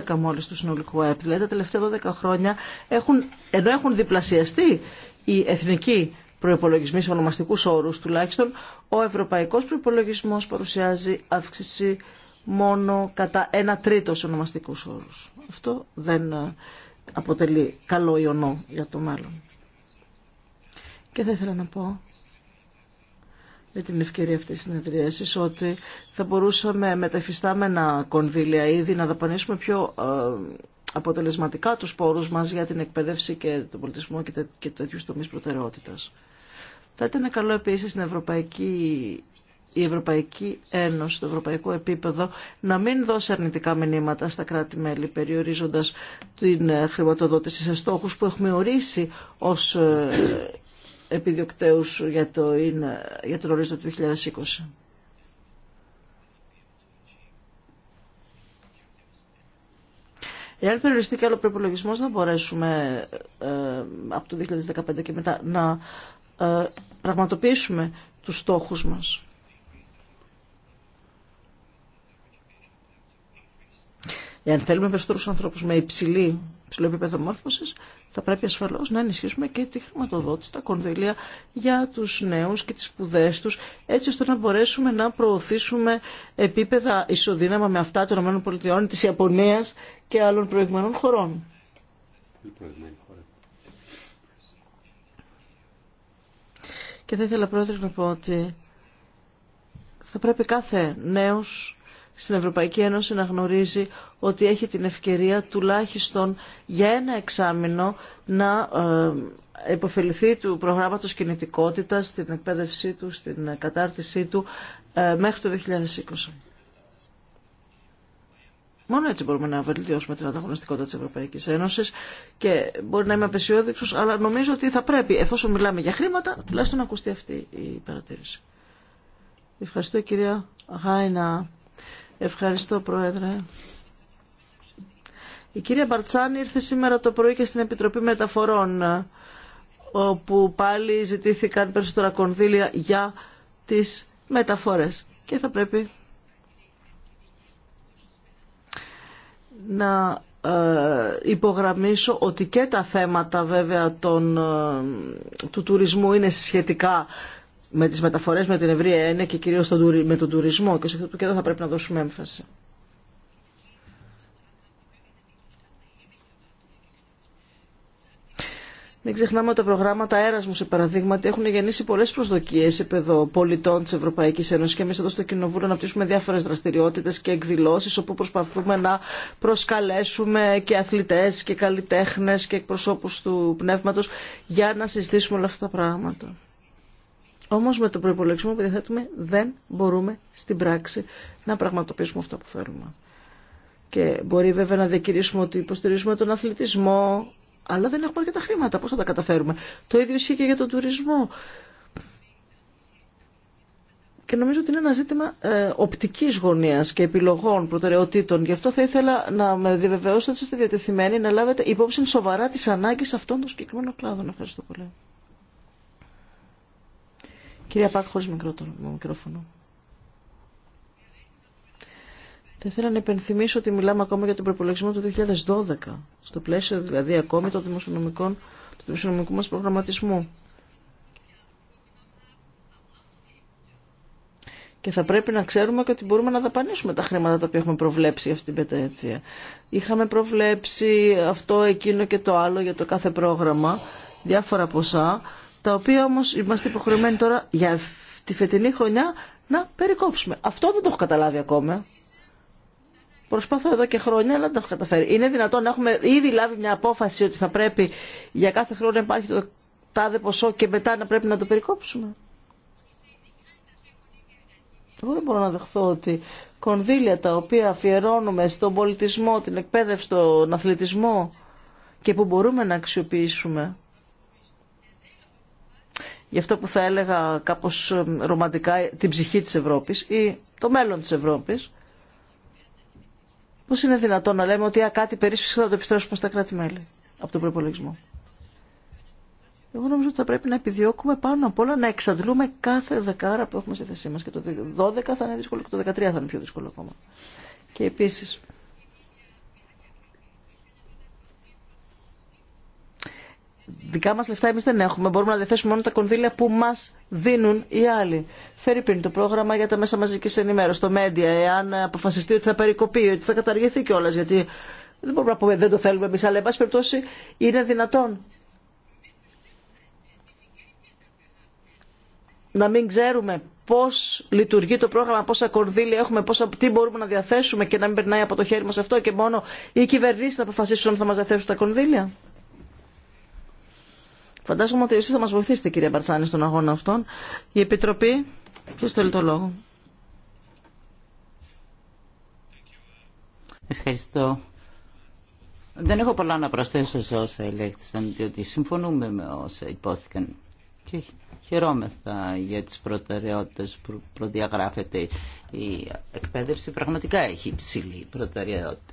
1,12 μόλις του συνολικού ΑΕΠ. Δηλαδή τα τελευταία 12 χρόνια έχουν, ενώ έχουν διπλασιαστεί οι εθνικοί προπολογισμοί σε ονομαστικούς όρους τουλάχιστον, ο ευρωπαϊκός προπολογισμό παρουσιάζει αύξηση μόνο κατά ένα τρίτο σε ονομαστικούς όρους. Αυτό δεν ε, αποτελεί καλό ιονό για το μέλλον. Και θα ήθελα να πω με την ευκαιρία αυτής της συνεδρίασης ότι θα μπορούσαμε με τα εφιστάμενα κονδύλια ήδη να δαπανίσουμε πιο ε, αποτελεσματικά τους πόρους μας για την εκπαίδευση και τον πολιτισμό και τέτοιους τομείς προτεραιότητας. Θα ήταν καλό επίση στην Ευρωπαϊκή η Ευρωπαϊκή Ένωση στο ευρωπαϊκό επίπεδο να μην δώσει αρνητικά μηνύματα στα κράτη-μέλη περιορίζοντας την ε, χρηματοδότηση σε στόχους που έχουμε ορίσει ως ε, επιδιοκτέους για, το, για τον ορίζοντα του 2020. Εάν περιοριστεί και άλλο προπολογισμό, να μπορέσουμε ε, από το 2015 και μετά να πραγματοποιήσουμε τους στόχους μας. Εάν θέλουμε περισσότερου ανθρώπου με υψηλή, επίπεδο μόρφωση, θα πρέπει ασφαλώ να ενισχύσουμε και τη χρηματοδότηση, τα κονδύλια για του νέου και τι σπουδέ του, έτσι ώστε να μπορέσουμε να προωθήσουμε επίπεδα ισοδύναμα με αυτά των ΗΠΑ, τη Ιαπωνία και άλλων προηγουμένων χωρών. Και θα ήθελα, Πρόεδρε, να πω ότι θα πρέπει κάθε νέος στην Ευρωπαϊκή Ένωση να γνωρίζει ότι έχει την ευκαιρία τουλάχιστον για ένα εξάμεινο να ε, υποφεληθεί του προγράμματος κινητικότητας στην εκπαίδευσή του, στην κατάρτισή του ε, μέχρι το 2020. Μόνο έτσι μπορούμε να βελτιώσουμε την ανταγωνιστικότητα της Ευρωπαϊκής Ένωσης και μπορεί να είμαι απεσιόδειξος, αλλά νομίζω ότι θα πρέπει, εφόσον μιλάμε για χρήματα, τουλάχιστον να ακουστεί αυτή η παρατήρηση. Ευχαριστώ κυρία Γάινα. Ευχαριστώ, Πρόεδρε. Η κυρία Μπαρτσάνη ήρθε σήμερα το πρωί και στην Επιτροπή Μεταφορών, όπου πάλι ζητήθηκαν περισσότερα κονδύλια για τις μεταφορές. Και θα πρέπει να ε, υπογραμμίσω ότι και τα θέματα βέβαια των, ε, του τουρισμού είναι σχετικά με τις μεταφορές, με την ευρία έννοια και κυρίως με τον τουρισμό και σε αυτό και εδώ θα πρέπει να δώσουμε έμφαση. Μην ξεχνάμε ότι τα προγράμματα έρασμου, σε παραδείγματα έχουν γεννήσει πολλέ προσδοκίε επίδο πολιτών τη Ευρωπαϊκή Ένωση. Και εμεί εδώ στο Κοινοβούλιο αναπτύσσουμε διάφορε δραστηριότητε και εκδηλώσει, όπου προσπαθούμε να προσκαλέσουμε και αθλητέ και καλλιτέχνε και εκπροσώπου του πνεύματο για να συζητήσουμε όλα αυτά τα πράγματα. Όμως με τον προϋπολογισμό που διαθέτουμε δεν μπορούμε στην πράξη να πραγματοποιήσουμε αυτό που θέλουμε. Και μπορεί βέβαια να διακηρύσουμε ότι υποστηρίζουμε τον αθλητισμό, αλλά δεν έχουμε αρκετά χρήματα. Πώς θα τα καταφέρουμε. Το ίδιο ισχύει και για τον τουρισμό. Και νομίζω ότι είναι ένα ζήτημα ε, οπτικής γωνίας και επιλογών προτεραιοτήτων. Γι' αυτό θα ήθελα να με διαβεβαιώσετε ότι είστε διατεθειμένοι να λάβετε υπόψη σοβαρά τις ανάγκες αυτών των συγκεκριμένων κλάδων. Ευχαριστώ πολύ. Κυρία Πακ, χωρίς μικρό το μικρόφωνο. Θα ήθελα να υπενθυμίσω ότι μιλάμε ακόμα για τον προπολογισμό του 2012, στο πλαίσιο δηλαδή ακόμη των δημοσιονομικών, του δημοσιονομικού μας προγραμματισμού. Και θα πρέπει να ξέρουμε και ότι μπορούμε να δαπανίσουμε τα χρήματα τα οποία έχουμε προβλέψει αυτή την πενταετία. Είχαμε προβλέψει αυτό, εκείνο και το άλλο για το κάθε πρόγραμμα, διάφορα ποσά τα οποία όμως είμαστε υποχρεωμένοι τώρα για τη φετινή χρονιά να περικόψουμε. Αυτό δεν το έχω καταλάβει ακόμα. Προσπαθώ εδώ και χρόνια, αλλά δεν το έχω καταφέρει. Είναι δυνατόν να έχουμε ήδη λάβει μια απόφαση ότι θα πρέπει για κάθε χρόνο να υπάρχει το τάδε ποσό και μετά να πρέπει να το περικόψουμε. Εγώ δεν μπορώ να δεχθώ ότι κονδύλια τα οποία αφιερώνουμε στον πολιτισμό, την εκπαίδευση, τον αθλητισμό και που μπορούμε να αξιοποιήσουμε γι' αυτό που θα έλεγα κάπως ε, ρομαντικά ε, την ψυχή της Ευρώπης ή το μέλλον της Ευρώπης, πώς είναι δυνατόν να λέμε ότι α, κάτι περίσπιση θα το επιστρέψουμε στα κράτη-μέλη από τον προπολογισμό. Εγώ νομίζω ότι θα πρέπει να επιδιώκουμε πάνω απ' όλα να εξαντλούμε κάθε δεκάρα που έχουμε στη θέση μας. Και το 12 θα είναι δύσκολο και το 13 θα είναι πιο δύσκολο ακόμα. Και επίσης. Δικά μα λεφτά εμεί δεν έχουμε. Μπορούμε να διαθέσουμε μόνο τα κονδύλια που μα δίνουν οι άλλοι. Φέρει πριν το πρόγραμμα για τα μέσα μαζική ενημέρωση, το Media, εάν αποφασιστεί ότι θα περικοπεί, ότι θα καταργηθεί κιόλα, γιατί δεν μπορούμε να πούμε δεν το θέλουμε εμεί, αλλά εν πάση περιπτώσει είναι δυνατόν. Να μην ξέρουμε πώ λειτουργεί το πρόγραμμα, πόσα κονδύλια έχουμε, πόσα, τι μπορούμε να διαθέσουμε και να μην περνάει από το χέρι μα αυτό και μόνο οι κυβερνήσει να αποφασίσουν αν θα μα διαθέσουν τα κονδύλια. Φαντάζομαι ότι εσείς θα μας βοηθήσετε κυρία Μπαρτσάνη στον αγώνα αυτόν. Η Επιτροπή, ποιος θέλει το λόγο. Ευχαριστώ. Δεν έχω πολλά να προσθέσω σε όσα ελέγχθησαν, διότι συμφωνούμε με όσα υπόθηκαν. Και χαιρόμεθα για τις προτεραιότητες που προδιαγράφεται η εκπαίδευση. Πραγματικά έχει υψηλή προτεραιότητα.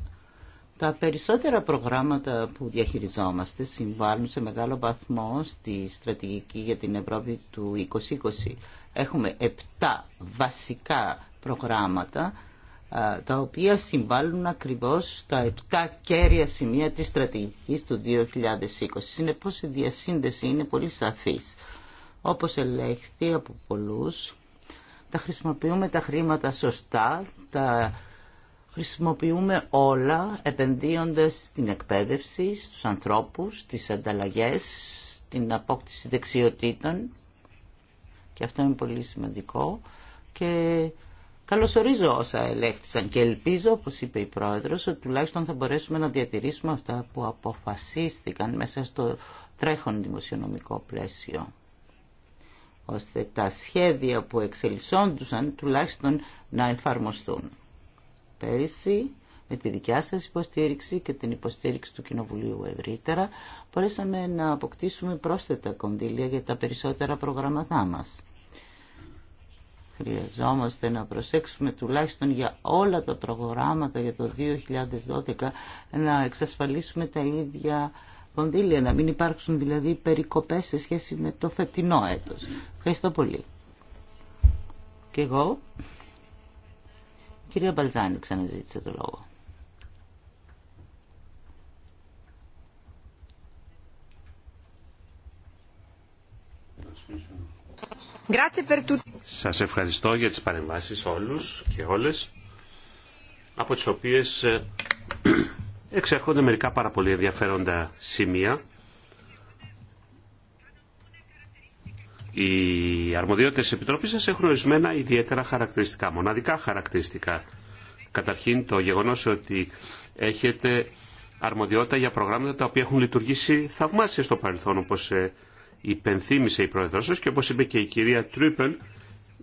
Τα περισσότερα προγράμματα που διαχειριζόμαστε συμβάλλουν σε μεγάλο βαθμό στη στρατηγική για την Ευρώπη του 2020. Έχουμε 7 βασικά προγράμματα τα οποία συμβάλλουν ακριβώς στα 7 κέρια σημεία της στρατηγικής του 2020. Συνεπώς η διασύνδεση είναι πολύ σαφής. Όπως ελέγχθη από πολλούς, τα χρησιμοποιούμε τα χρήματα σωστά, χρησιμοποιούμε όλα επενδύοντας στην εκπαίδευση, στους ανθρώπους, στις ανταλλαγές, την απόκτηση δεξιοτήτων και αυτό είναι πολύ σημαντικό και καλωσορίζω όσα ελέγχθησαν και ελπίζω, όπως είπε η Πρόεδρος, ότι τουλάχιστον θα μπορέσουμε να διατηρήσουμε αυτά που αποφασίστηκαν μέσα στο τρέχον δημοσιονομικό πλαίσιο ώστε τα σχέδια που εξελισσόντουσαν τουλάχιστον να εφαρμοστούν πέρυσι με τη δικιά σας υποστήριξη και την υποστήριξη του Κοινοβουλίου ευρύτερα, μπορέσαμε να αποκτήσουμε πρόσθετα κονδύλια για τα περισσότερα προγραμματά μας. Χρειαζόμαστε να προσέξουμε τουλάχιστον για όλα τα προγράμματα για το 2012 να εξασφαλίσουμε τα ίδια κονδύλια, να μην υπάρξουν δηλαδή περικοπές σε σχέση με το φετινό έτος. Ευχαριστώ πολύ. Και εγώ Κυρία Μπαλτζάνη ξαναζήτησε το λόγο. Σας ευχαριστώ για τις παρεμβάσεις όλους και όλες, από τις οποίες ε, εξέρχονται μερικά πάρα πολύ ενδιαφέροντα σημεία Οι αρμοδιότητες της Επιτροπής σας έχουν ορισμένα ιδιαίτερα χαρακτηριστικά, μοναδικά χαρακτηριστικά. Καταρχήν το γεγονός ότι έχετε αρμοδιότητα για προγράμματα τα οποία έχουν λειτουργήσει θαυμάσια στο παρελθόν, όπως ε, υπενθύμησε η Πρόεδρο σας και όπως είπε και η κυρία Τρίπελ,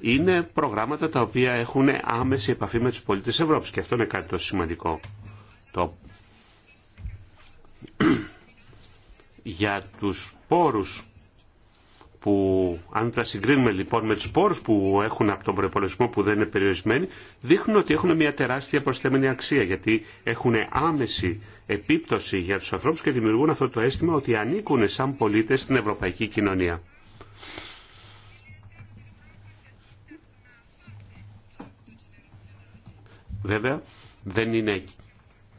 είναι προγράμματα τα οποία έχουν άμεση επαφή με τους πολίτες Ευρώπης και αυτό είναι κάτι το σημαντικό. για τους πόρους που αν τα συγκρίνουμε λοιπόν με τους πόρους που έχουν από τον προπολογισμό που δεν είναι περιορισμένοι, δείχνουν ότι έχουν μια τεράστια προσθέμενη αξία, γιατί έχουν άμεση επίπτωση για τους ανθρώπους και δημιουργούν αυτό το αίσθημα ότι ανήκουν σαν πολίτες στην ευρωπαϊκή κοινωνία. Βέβαια, δεν είναι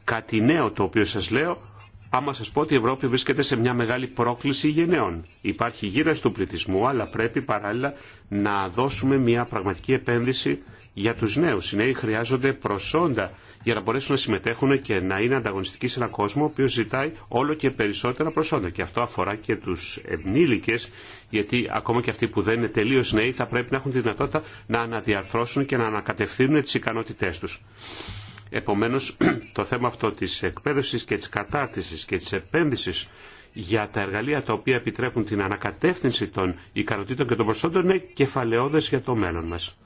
κάτι νέο το οποίο σας λέω, άμα σας πω ότι η Ευρώπη βρίσκεται σε μια μεγάλη πρόκληση γενναιών. Υπάρχει γύρω του πληθυσμού, αλλά πρέπει παράλληλα να δώσουμε μια πραγματική επένδυση για τους νέους. Οι νέοι χρειάζονται προσόντα για να μπορέσουν να συμμετέχουν και να είναι ανταγωνιστικοί σε έναν κόσμο ο οποίος ζητάει όλο και περισσότερα προσόντα. Και αυτό αφορά και τους ευνήλικες, γιατί ακόμα και αυτοί που δεν είναι τελείως νέοι θα πρέπει να έχουν τη δυνατότητα να αναδιαρθρώσουν και να ανακατευθύνουν τις ικανότητές τους. Επομένως, το θέμα αυτό της εκπαίδευσης και της κατάρτισης και της επένδυσης για τα εργαλεία τα οποία επιτρέπουν την ανακατεύθυνση των ικανοτήτων και των προσόντων είναι κεφαλαιώδες για το μέλλον μας.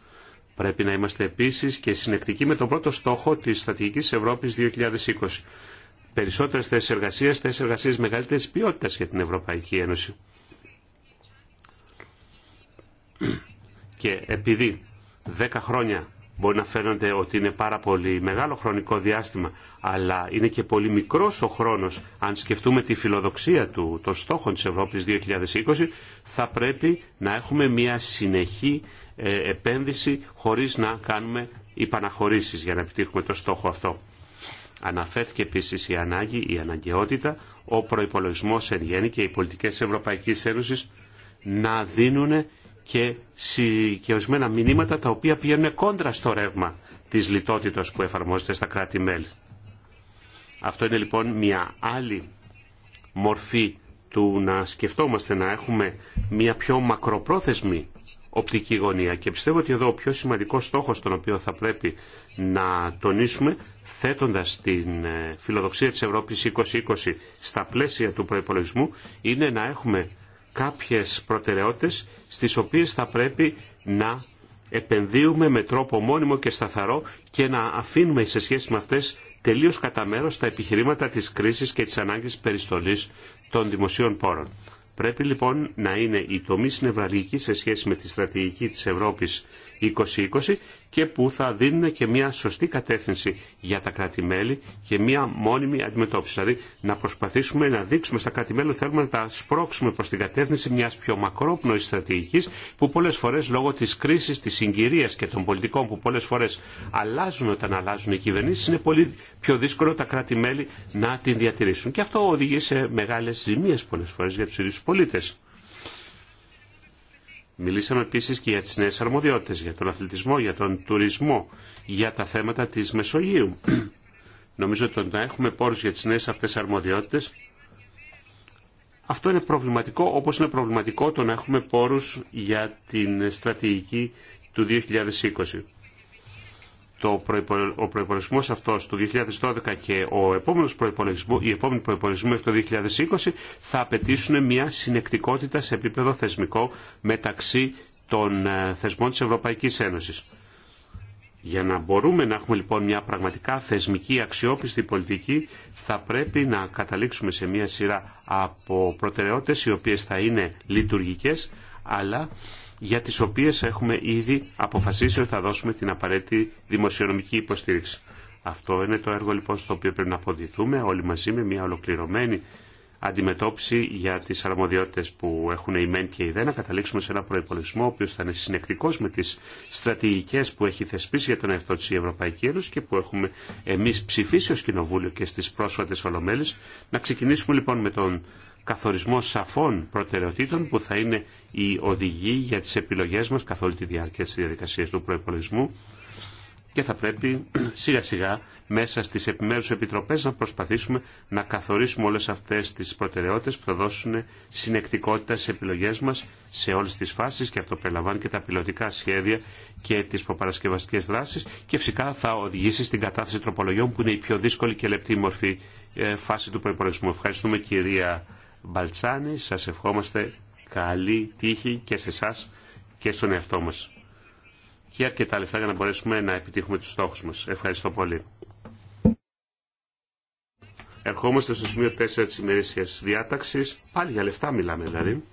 Πρέπει να είμαστε επίσης και συνεκτικοί με τον πρώτο στόχο της Στατηγικής Ευρώπης 2020. Περισσότερες θέσεις εργασίας, θέσεις εργασίας μεγαλύτερης ποιότητας για την Ευρωπαϊκή Ένωση. Και επειδή 10 χρόνια μπορεί να φαίνονται ότι είναι πάρα πολύ μεγάλο χρονικό διάστημα, αλλά είναι και πολύ μικρός ο χρόνος, αν σκεφτούμε τη φιλοδοξία του, των στόχων της Ευρώπης 2020, θα πρέπει να έχουμε μια συνεχή ε, επένδυση χωρίς να κάνουμε υπαναχωρήσεις για να επιτύχουμε το στόχο αυτό. Αναφέρθηκε επίση η ανάγκη, η αναγκαιότητα, ο προπολογισμό εν γέννη και οι πολιτικέ Ευρωπαϊκή Ένωση να δίνουν και, συγκεκριμένα μηνύματα τα οποία πηγαίνουν κόντρα στο ρεύμα της λιτότητας που εφαρμόζεται στα κράτη-μέλη. Αυτό είναι λοιπόν μια άλλη μορφή του να σκεφτόμαστε να έχουμε μια πιο μακροπρόθεσμη οπτική γωνία και πιστεύω ότι εδώ ο πιο σημαντικός στόχος τον οποίο θα πρέπει να τονίσουμε θέτοντας την ε, φιλοδοξία της Ευρώπης 2020 στα πλαίσια του προϋπολογισμού είναι να έχουμε κάποιες προτεραιότητες στις οποίες θα πρέπει να επενδύουμε με τρόπο μόνιμο και σταθερό και να αφήνουμε σε σχέση με αυτές τελείως κατά μέρος τα επιχειρήματα της κρίσης και της ανάγκης περιστολής των δημοσίων πόρων. Πρέπει λοιπόν να είναι η τομή συνευραλική σε σχέση με τη στρατηγική της Ευρώπης 2020 και που θα δίνουν και μια σωστή κατεύθυνση για τα κράτη-μέλη και μια μόνιμη αντιμετώπιση. Δηλαδή να προσπαθήσουμε να δείξουμε στα κράτη-μέλη ότι θέλουμε να τα σπρώξουμε προς την κατεύθυνση μιας πιο μακρόπνοη στρατηγικής που πολλές φορές λόγω της κρίσης, της συγκυρίας και των πολιτικών που πολλές φορές αλλάζουν όταν αλλάζουν οι κυβερνήσεις είναι πολύ πιο δύσκολο τα κράτη-μέλη να την διατηρήσουν. Και αυτό οδηγεί σε μεγάλες ζημίες πολλές φορές για τους ίδιου πολίτε. Μιλήσαμε επίση και για τις νέε αρμοδιότητε, για τον αθλητισμό, για τον τουρισμό, για τα θέματα της Μεσογείου. Νομίζω ότι όταν να έχουμε πόρους για τις νέε αυτέ αρμοδιότητε, αυτό είναι προβληματικό, όπως είναι προβληματικό το να έχουμε πόρους για την στρατηγική του 2020 το ο προπολογισμό αυτό του 2012 και ο επόμενος προϋπολογισμός, η επόμενη προπολογισμό μέχρι το 2020 θα απαιτήσουν μια συνεκτικότητα σε επίπεδο θεσμικό μεταξύ των ε, θεσμών της Ευρωπαϊκής Ένωσης. Για να μπορούμε να έχουμε λοιπόν μια πραγματικά θεσμική αξιόπιστη πολιτική θα πρέπει να καταλήξουμε σε μια σειρά από προτεραιότητες οι οποίες θα είναι λειτουργικές αλλά για τις οποίες έχουμε ήδη αποφασίσει ότι θα δώσουμε την απαραίτητη δημοσιονομική υποστήριξη. Αυτό είναι το έργο λοιπόν στο οποίο πρέπει να αποδειθούμε όλοι μαζί με μια ολοκληρωμένη αντιμετώπιση για τις αρμοδιότητες που έχουν οι ΜΕΝ και οι ΔΕ, να καταλήξουμε σε ένα προϋπολογισμό ο οποίος θα είναι συνεκτικός με τις στρατηγικές που έχει θεσπίσει για τον εαυτό της Ευρωπαϊκή Ένωση και που έχουμε εμείς ψηφίσει ως Κοινοβούλιο και στις πρόσφατες Ολομέλες. Να ξεκινήσουμε λοιπόν με τον καθορισμό σαφών προτεραιοτήτων που θα είναι η οδηγή για τις επιλογές μας καθ' όλη τη διάρκεια της διαδικασίας του προϋπολογισμού και θα πρέπει σιγά σιγά μέσα στις επιμέρους επιτροπές να προσπαθήσουμε να καθορίσουμε όλες αυτές τις προτεραιότητες που θα δώσουν συνεκτικότητα στις επιλογές μας σε όλες τις φάσεις και αυτό περιλαμβάνει και τα πιλωτικά σχέδια και τις προπαρασκευαστικές δράσεις και φυσικά θα οδηγήσει στην κατάθεση τροπολογιών που είναι η πιο δύσκολη και λεπτή μορφή ε, φάση του προπολογισμού. Ευχαριστούμε κυρία Μπαλτσάνη. Σας ευχόμαστε καλή τύχη και σε εσά και στον εαυτό μας. Και αρκετά λεφτά για να μπορέσουμε να επιτύχουμε τους στόχους μας. Ευχαριστώ πολύ. Ερχόμαστε στο σημείο 4 της ημερήσιας διάταξης. Πάλι για λεφτά μιλάμε δηλαδή.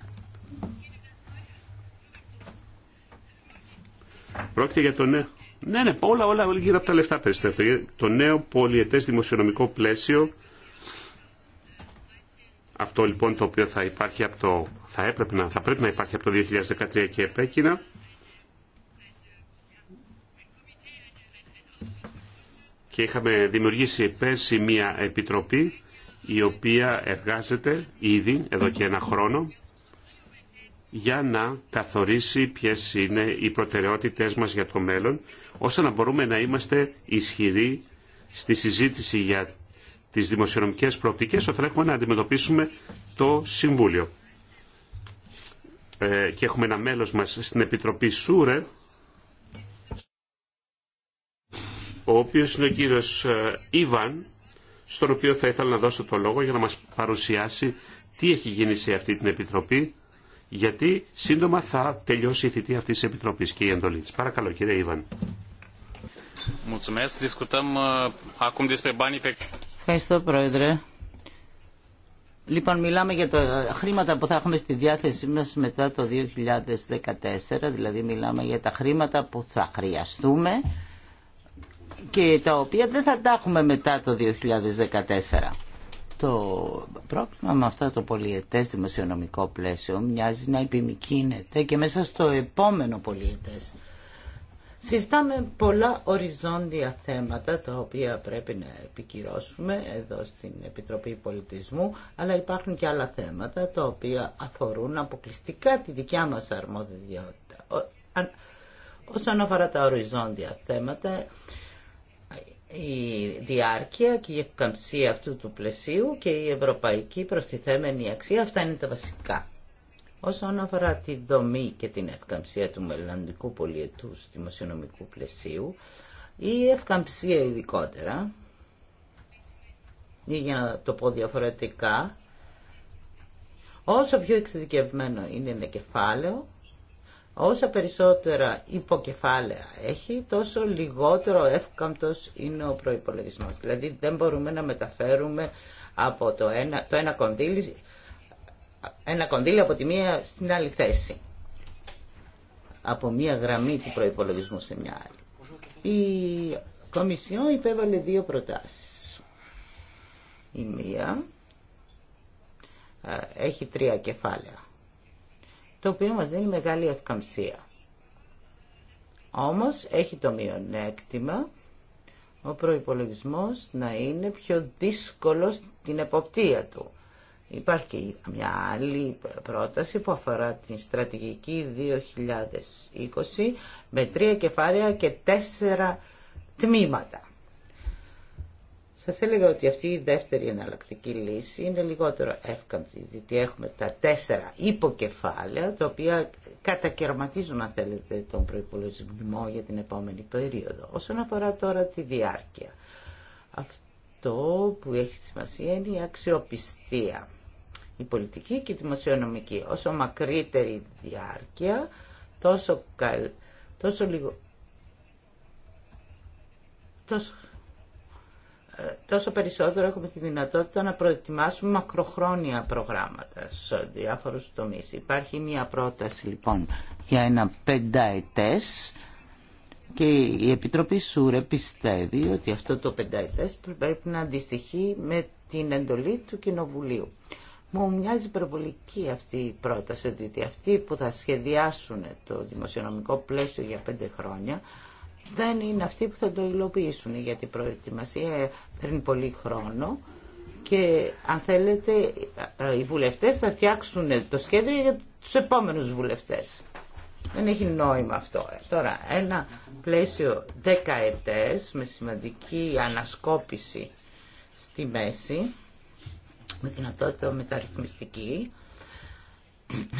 Πρόκειται για το νέο. Ναι, ναι, όλα, όλα, όλα από τα λεφτά περιστρέφονται. Το νέο πολιετές δημοσιονομικό πλαίσιο αυτό λοιπόν το οποίο θα, υπάρχει από το, θα, έπρεπε να, θα πρέπει να υπάρχει από το 2013 και επέκεινα και είχαμε δημιουργήσει πέρσι μια επιτροπή η οποία εργάζεται ήδη εδώ και ένα χρόνο για να καθορίσει ποιες είναι οι προτεραιότητες μας για το μέλλον ώστε να μπορούμε να είμαστε ισχυροί στη συζήτηση για τις δημοσιονομικές προοπτικές όταν έχουμε να αντιμετωπίσουμε το Συμβούλιο. Ε, και έχουμε ένα μέλος μας στην Επιτροπή ΣΟΥΡΕ, ο οποίος είναι ο κύριος ε, Ιβαν, στον οποίο θα ήθελα να δώσω το λόγο για να μας παρουσιάσει τι έχει γίνει σε αυτή την Επιτροπή, γιατί σύντομα θα τελειώσει η θητή αυτής τη επιτροπή, και η εντολή τη. Παρακαλώ κύριε Ιβαν. Ευχαριστώ, Πρόεδρε. Λοιπόν, μιλάμε για τα χρήματα που θα έχουμε στη διάθεσή μας μετά το 2014, δηλαδή μιλάμε για τα χρήματα που θα χρειαστούμε και τα οποία δεν θα τα έχουμε μετά το 2014. Το πρόβλημα με αυτό το πολιετές δημοσιονομικό πλαίσιο μοιάζει να επιμικίνεται και μέσα στο επόμενο πολιετές Συζητάμε πολλά οριζόντια θέματα τα οποία πρέπει να επικυρώσουμε εδώ στην Επιτροπή Πολιτισμού, αλλά υπάρχουν και άλλα θέματα τα οποία αφορούν αποκλειστικά τη δικιά μας αρμοδιότητα. Όσον αφορά τα οριζόντια θέματα, η διάρκεια και η ευκαμψία αυτού του πλαισίου και η ευρωπαϊκή προστιθέμενη αξία, αυτά είναι τα βασικά. Όσον αφορά τη δομή και την ευκαμψία του μελλοντικού πολιετού δημοσιονομικού πλαισίου, η ευκαμψία ειδικότερα, ή για να το πω διαφορετικά, όσο πιο εξειδικευμένο είναι ένα κεφάλαιο, όσα περισσότερα υποκεφάλαια έχει, τόσο λιγότερο εύκαμπτος είναι ο προϋπολογισμός. Δηλαδή δεν μπορούμε να μεταφέρουμε από το ένα, το ένα κονδύλι ένα κονδύλι από τη μία στην άλλη θέση. Από μία γραμμή του προϋπολογισμού σε μια άλλη. Η Κομισιό υπέβαλε δύο προτάσεις. Η μία ε, έχει τρία κεφάλαια, το οποίο μας δίνει μεγάλη ευκαμψία. Όμως έχει το μειονέκτημα ο προϋπολογισμός να είναι πιο δύσκολος στην εποπτεία του. Υπάρχει και μια άλλη πρόταση που αφορά την στρατηγική 2020 με τρία κεφάλαια και τέσσερα τμήματα. Σας έλεγα ότι αυτή η δεύτερη εναλλακτική λύση είναι λιγότερο εύκαμπτη, διότι έχουμε τα τέσσερα υποκεφάλαια, τα οποία κατακαιρματίζουν, αν θέλετε, τον προϋπολογισμό για την επόμενη περίοδο. Όσον αφορά τώρα τη διάρκεια, το που έχει σημασία είναι η αξιοπιστία. Η πολιτική και η δημοσιονομική. Όσο μακρύτερη διάρκεια, τόσο, καλ, τόσο λίγο... Τόσο, ε, τόσο περισσότερο έχουμε τη δυνατότητα να προετοιμάσουμε μακροχρόνια προγράμματα σε διάφορους τομείς. Υπάρχει μια πρόταση λοιπόν για ένα πενταετές και η Επιτροπή Σούρε πιστεύει ότι αυτό το πενταετές πρέπει να αντιστοιχεί με την εντολή του Κοινοβουλίου. Μου μοιάζει υπερβολική αυτή η πρόταση, διότι αυτοί που θα σχεδιάσουν το δημοσιονομικό πλαίσιο για πέντε χρόνια δεν είναι αυτοί που θα το υλοποιήσουν, για την προετοιμασία πριν πολύ χρόνο και αν θέλετε οι βουλευτές θα φτιάξουν το σχέδιο για τους επόμενους βουλευτές. Δεν έχει νόημα αυτό. Ε, τώρα, ένα πλαίσιο δεκαετές με σημαντική ανασκόπηση στη μέση, με δυνατότητα μεταρρυθμιστική,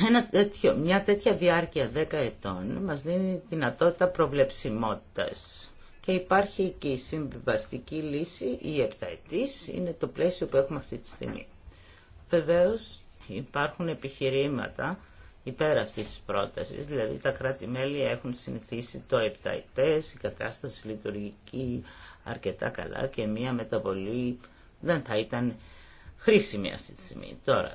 ένα τέτοιο, μια τέτοια διάρκεια δέκα ετών μας δίνει δυνατότητα προβλεψιμότητας και υπάρχει και η συμβιβαστική λύση, η επταετής, είναι το πλαίσιο που έχουμε αυτή τη στιγμή. Βεβαίως υπάρχουν επιχειρήματα υπέρ αυτή τη πρόταση, δηλαδή τα κράτη-μέλη έχουν συνηθίσει το επταετές, η κατάσταση λειτουργική αρκετά καλά και μια μεταβολή δεν θα ήταν χρήσιμη αυτή τη στιγμή. Τώρα,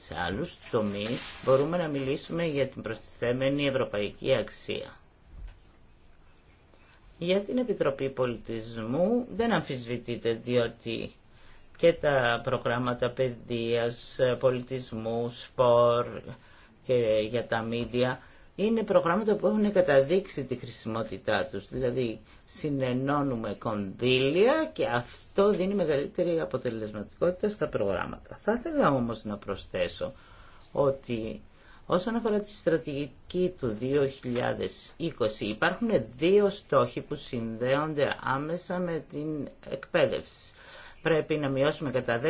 σε άλλους τομείς μπορούμε να μιλήσουμε για την προστιθέμενη ευρωπαϊκή αξία. Για την Επιτροπή Πολιτισμού δεν αμφισβητείται διότι και τα προγράμματα παιδείας, πολιτισμού, σπορ, και για τα μίντια είναι προγράμματα που έχουν καταδείξει τη χρησιμότητά τους. Δηλαδή συνενώνουμε κονδύλια και αυτό δίνει μεγαλύτερη αποτελεσματικότητα στα προγράμματα. Θα ήθελα όμως να προσθέσω ότι όσον αφορά τη στρατηγική του 2020 υπάρχουν δύο στόχοι που συνδέονται άμεσα με την εκπαίδευση. Πρέπει να μειώσουμε κατά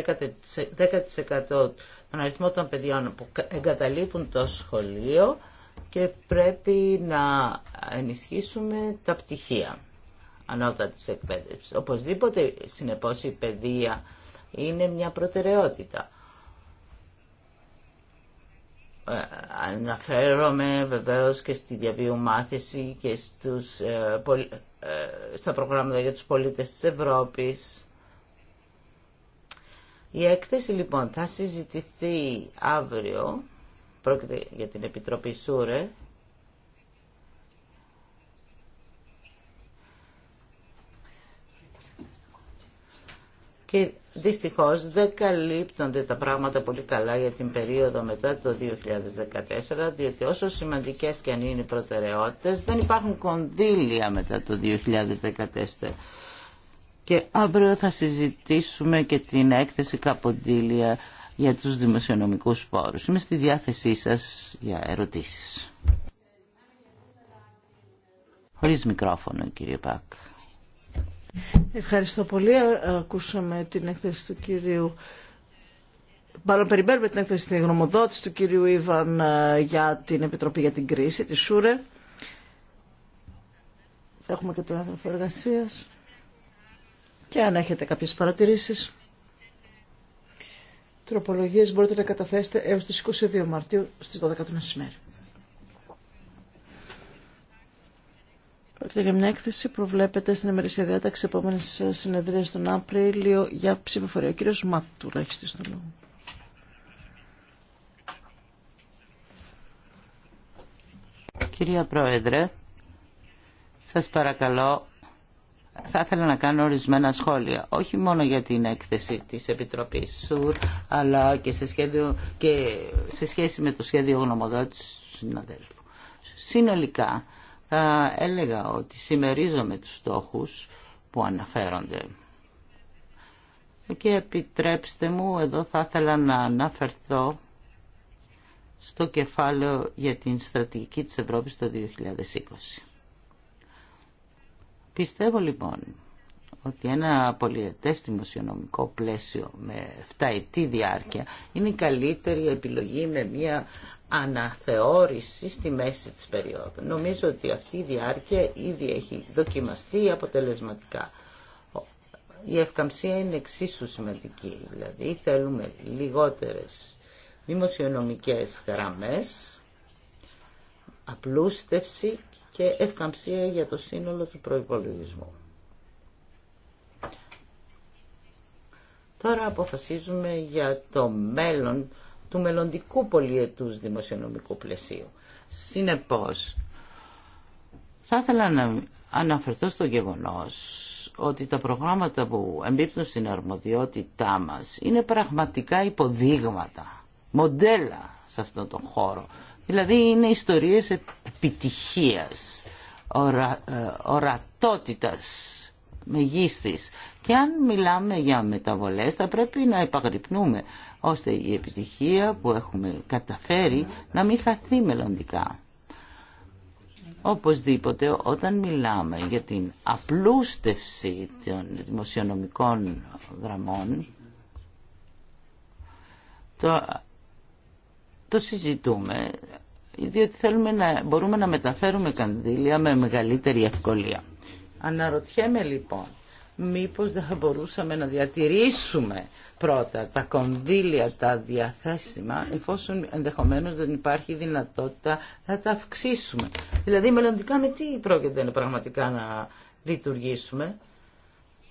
10% τον αριθμό των παιδιών που εγκαταλείπουν το σχολείο και πρέπει να ενισχύσουμε τα πτυχία ανώτατης εκπαίδευσης. Οπωσδήποτε, συνεπώς, η παιδεία είναι μια προτεραιότητα. Ε, αναφέρομαι βεβαίως και στη διαβίου μάθηση και στους, ε, ε, στα προγράμματα για τους πολίτες της Ευρώπης η έκθεση λοιπόν θα συζητηθεί αύριο, πρόκειται για την Επιτροπή Σούρε, και δυστυχώς δεν καλύπτονται τα πράγματα πολύ καλά για την περίοδο μετά το 2014, διότι όσο σημαντικές και αν είναι οι προτεραιότητες, δεν υπάρχουν κονδύλια μετά το 2014 και αύριο θα συζητήσουμε και την έκθεση Καποντήλια για τους δημοσιονομικούς πόρους. Είμαι στη διάθεσή σας για ερωτήσεις. Χωρίς μικρόφωνο, κύριε Πακ. Ευχαριστώ πολύ. Ακούσαμε την έκθεση του κυρίου Μάλλον περιμένουμε την έκθεση στην γνωμοδότηση του κυρίου Ιβαν ε, για την Επιτροπή για την Κρίση, τη ΣΟΥΡΕ. Έχουμε και τον άνθρωπο εργασίας και αν έχετε κάποιες παρατηρήσεις τροπολογίες μπορείτε να καταθέσετε έως τις 22 Μαρτίου στις 12 του μεσημέρι. Πρόκειται για μια έκθεση που βλέπετε στην ημερήσια διάταξη επόμενη συνεδρία τον Απρίλιο για ψηφοφορία. Ο κύριο Μάτουλα έχει στον λόγο. Κυρία Πρόεδρε, σας παρακαλώ θα ήθελα να κάνω ορισμένα σχόλια, όχι μόνο για την έκθεση της Επιτροπής ΣΟΥΡ, αλλά και σε, σχέδιο, και σε σχέση με το σχέδιο γνωμοδότησης του συναδέλφου. Συνολικά, θα έλεγα ότι συμμερίζομαι τους στόχους που αναφέρονται. Και επιτρέψτε μου, εδώ θα ήθελα να αναφερθώ στο κεφάλαιο για την στρατηγική της Ευρώπης το 2020. Πιστεύω λοιπόν ότι ένα πολυετές δημοσιονομικό πλαίσιο με 7 ετή διάρκεια είναι η καλύτερη επιλογή με μια αναθεώρηση στη μέση της περίοδου. Νομίζω ότι αυτή η διάρκεια ήδη έχει δοκιμαστεί αποτελεσματικά. Η ευκαμψία είναι εξίσου σημαντική, δηλαδή θέλουμε λιγότερες δημοσιονομικές γραμμές, απλούστευση και ευκαμψία για το σύνολο του προϋπολογισμού. Τώρα αποφασίζουμε για το μέλλον του μελλοντικού πολιετούς δημοσιονομικού πλαισίου. Συνεπώς, θα ήθελα να αναφερθώ στο γεγονός ότι τα προγράμματα που εμπίπτουν στην αρμοδιότητά μας είναι πραγματικά υποδείγματα, μοντέλα σε αυτόν τον χώρο. Δηλαδή είναι ιστορίες επιτυχίας, ορα, ε, ορατότητας μεγίστης. Και αν μιλάμε για μεταβολές θα πρέπει να επαγρυπνούμε ώστε η επιτυχία που έχουμε καταφέρει να μην χαθεί μελλοντικά. Οπωσδήποτε όταν μιλάμε για την απλούστευση των δημοσιονομικών γραμμών το το συζητούμε, διότι θέλουμε να μπορούμε να μεταφέρουμε κανδύλια με μεγαλύτερη ευκολία. Αναρωτιέμαι λοιπόν, μήπως δεν θα μπορούσαμε να διατηρήσουμε πρώτα τα κονδύλια τα διαθέσιμα, εφόσον ενδεχομένως δεν υπάρχει δυνατότητα να τα αυξήσουμε. Δηλαδή μελλοντικά με τι πρόκειται να πραγματικά να λειτουργήσουμε.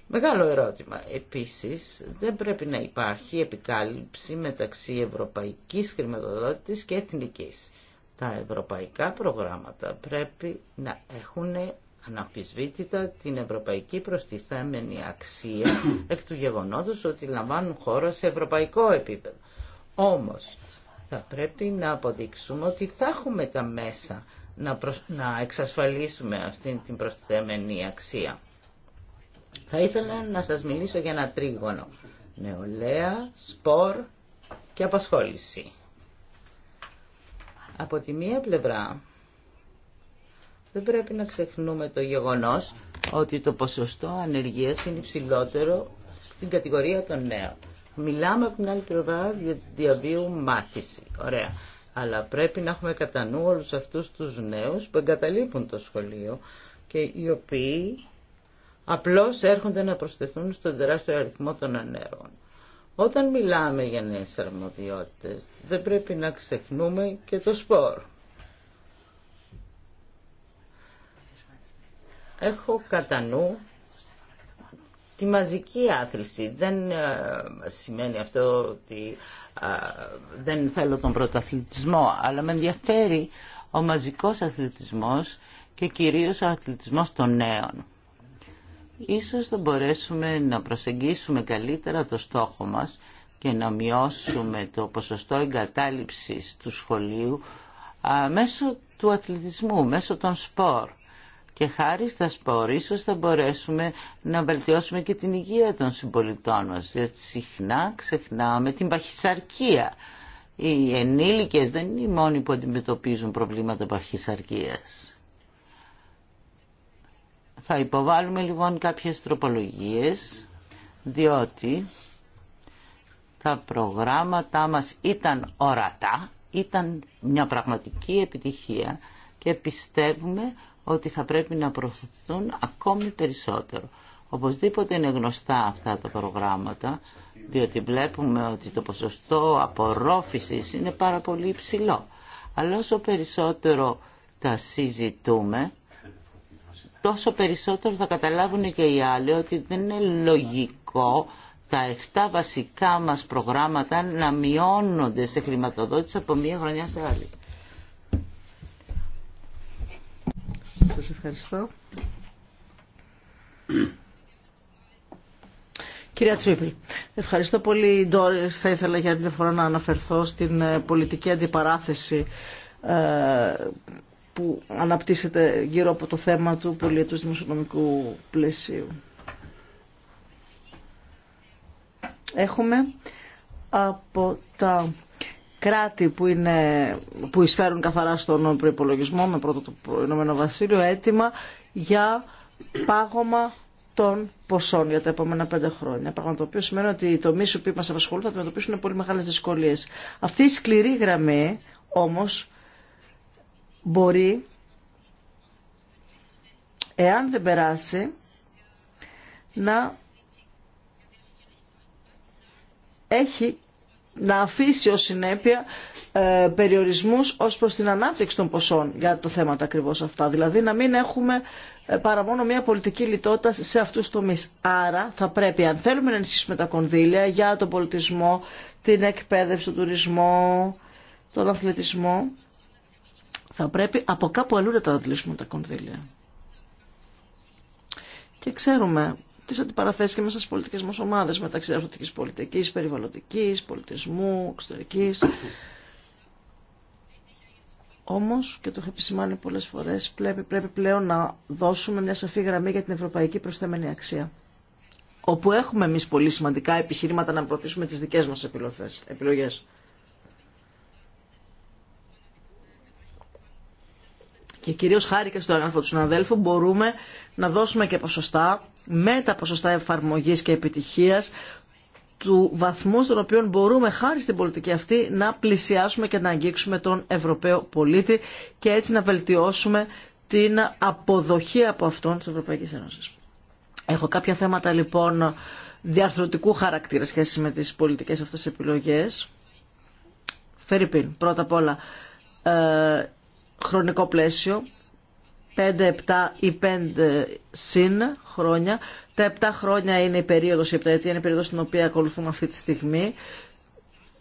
Μεγάλο ερώτημα. Επίσης, δεν πρέπει να υπάρχει επικάλυψη μεταξύ ευρωπαϊκής χρηματοδότησης και εθνικής. Τα ευρωπαϊκά προγράμματα πρέπει να έχουν αναμφισβήτητα την ευρωπαϊκή προστιθέμενη αξία εκ του γεγονότος ότι λαμβάνουν χώρα σε ευρωπαϊκό επίπεδο. Όμως, θα πρέπει να αποδείξουμε ότι θα έχουμε τα μέσα να, να εξασφαλίσουμε αυτή την προστιθέμενη αξία. Θα ήθελα να σας μιλήσω για ένα τρίγωνο. Νεολαία, σπορ και απασχόληση. Από τη μία πλευρά δεν πρέπει να ξεχνούμε το γεγονός ότι το ποσοστό ανεργίας είναι υψηλότερο στην κατηγορία των νέων. Μιλάμε από την άλλη πλευρά για διαβίου μάθηση. Ωραία. Αλλά πρέπει να έχουμε κατά νου όλους αυτούς τους νέους που εγκαταλείπουν το σχολείο και οι οποίοι Απλώς έρχονται να προσθεθούν στον τεράστιο αριθμό των ανέργων. Όταν μιλάμε για νέες αρμοδιότητες, δεν πρέπει να ξεχνούμε και το σπορ. Έχω κατά νου τη μαζική άθληση. Δεν ε, σημαίνει αυτό ότι ε, δεν θέλω τον πρωταθλητισμό, αλλά με ενδιαφέρει ο μαζικός αθλητισμός και κυρίως ο αθλητισμός των νέων ίσως θα μπορέσουμε να προσεγγίσουμε καλύτερα το στόχο μας και να μειώσουμε το ποσοστό εγκατάλειψης του σχολείου α, μέσω του αθλητισμού, μέσω των σπορ. Και χάρη στα σπορ ίσως θα μπορέσουμε να βελτιώσουμε και την υγεία των συμπολιτών μας, διότι συχνά ξεχνάμε την παχυσαρκία. Οι ενήλικες δεν είναι οι μόνοι που αντιμετωπίζουν προβλήματα παχυσαρκίας. Θα υποβάλουμε λοιπόν κάποιες τροπολογίες, διότι τα προγράμματά μας ήταν ορατά, ήταν μια πραγματική επιτυχία και πιστεύουμε ότι θα πρέπει να προωθηθούν ακόμη περισσότερο. Οπωσδήποτε είναι γνωστά αυτά τα προγράμματα, διότι βλέπουμε ότι το ποσοστό απορρόφησης είναι πάρα πολύ υψηλό. Αλλά όσο περισσότερο τα συζητούμε, τόσο περισσότερο θα καταλάβουν και οι άλλοι ότι δεν είναι λογικό τα 7 βασικά μας προγράμματα να μειώνονται σε χρηματοδότηση από μία χρονιά σε άλλη. Σας ευχαριστώ. Κυρία Τρίβιλ, ευχαριστώ πολύ Θα ήθελα για μια φορά να αναφερθώ στην ε, πολιτική αντιπαράθεση ε, που αναπτύσσεται γύρω από το θέμα του πολιετούς δημοσιονομικού πλαισίου. Έχουμε από τα κράτη που, είναι, που εισφέρουν καθαρά στον προπολογισμό με πρώτο το Ηνωμένο Βασίλειο έτοιμα για πάγωμα των ποσών για τα επόμενα πέντε χρόνια. Πράγμα το οποίο σημαίνει ότι οι τομείς που μα απασχολούν θα αντιμετωπίσουν πολύ μεγάλε δυσκολίε. Αυτή η σκληρή γραμμή όμως μπορεί, εάν δεν περάσει, να έχει να αφήσει ως συνέπεια ε, περιορισμούς ως προς την ανάπτυξη των ποσών για το θέμα τα ακριβώς αυτά. Δηλαδή να μην έχουμε ε, παρά μόνο μια πολιτική λιτότητα σε αυτούς τους τομείς. Άρα θα πρέπει αν θέλουμε να ενισχύσουμε τα κονδύλια για τον πολιτισμό, την εκπαίδευση, τον τουρισμό, τον αθλητισμό, θα πρέπει από κάπου αλλού να τα αντλήσουμε τα κονδύλια. Και ξέρουμε τι αντιπαραθέσει και μέσα στι πολιτικέ μα ομάδε μεταξύ αρθρωτική πολιτική, περιβαλλοντική, πολιτισμού, εξωτερική. Όμω, και το έχω επισημάνει πολλέ φορέ, πρέπει, πρέπει πλέον να δώσουμε μια σαφή γραμμή για την ευρωπαϊκή προσθέμενη αξία. Όπου έχουμε εμεί πολύ σημαντικά επιχειρήματα να προωθήσουμε τι δικέ μα επιλογέ. και κυρίως χάρη και στον άνθρωπο του συναδέλφου μπορούμε να δώσουμε και ποσοστά με τα ποσοστά εφαρμογής και επιτυχίας του βαθμού στον οποίο μπορούμε χάρη στην πολιτική αυτή να πλησιάσουμε και να αγγίξουμε τον Ευρωπαίο πολίτη και έτσι να βελτιώσουμε την αποδοχή από αυτόν της Ευρωπαϊκής Ένωσης. Έχω κάποια θέματα λοιπόν διαρθρωτικού χαρακτήρα σχέση με τις πολιτικές αυτές επιλογές. Φερρυπίν, πρώτα απ' όλα, ε, χρονικό πλαίσιο 5-7 ή 5 συν χρόνια. Τα 7 χρόνια είναι η περίοδο η επταετία είναι η περίοδος στην οποία ακολουθούμε αυτή τη στιγμή,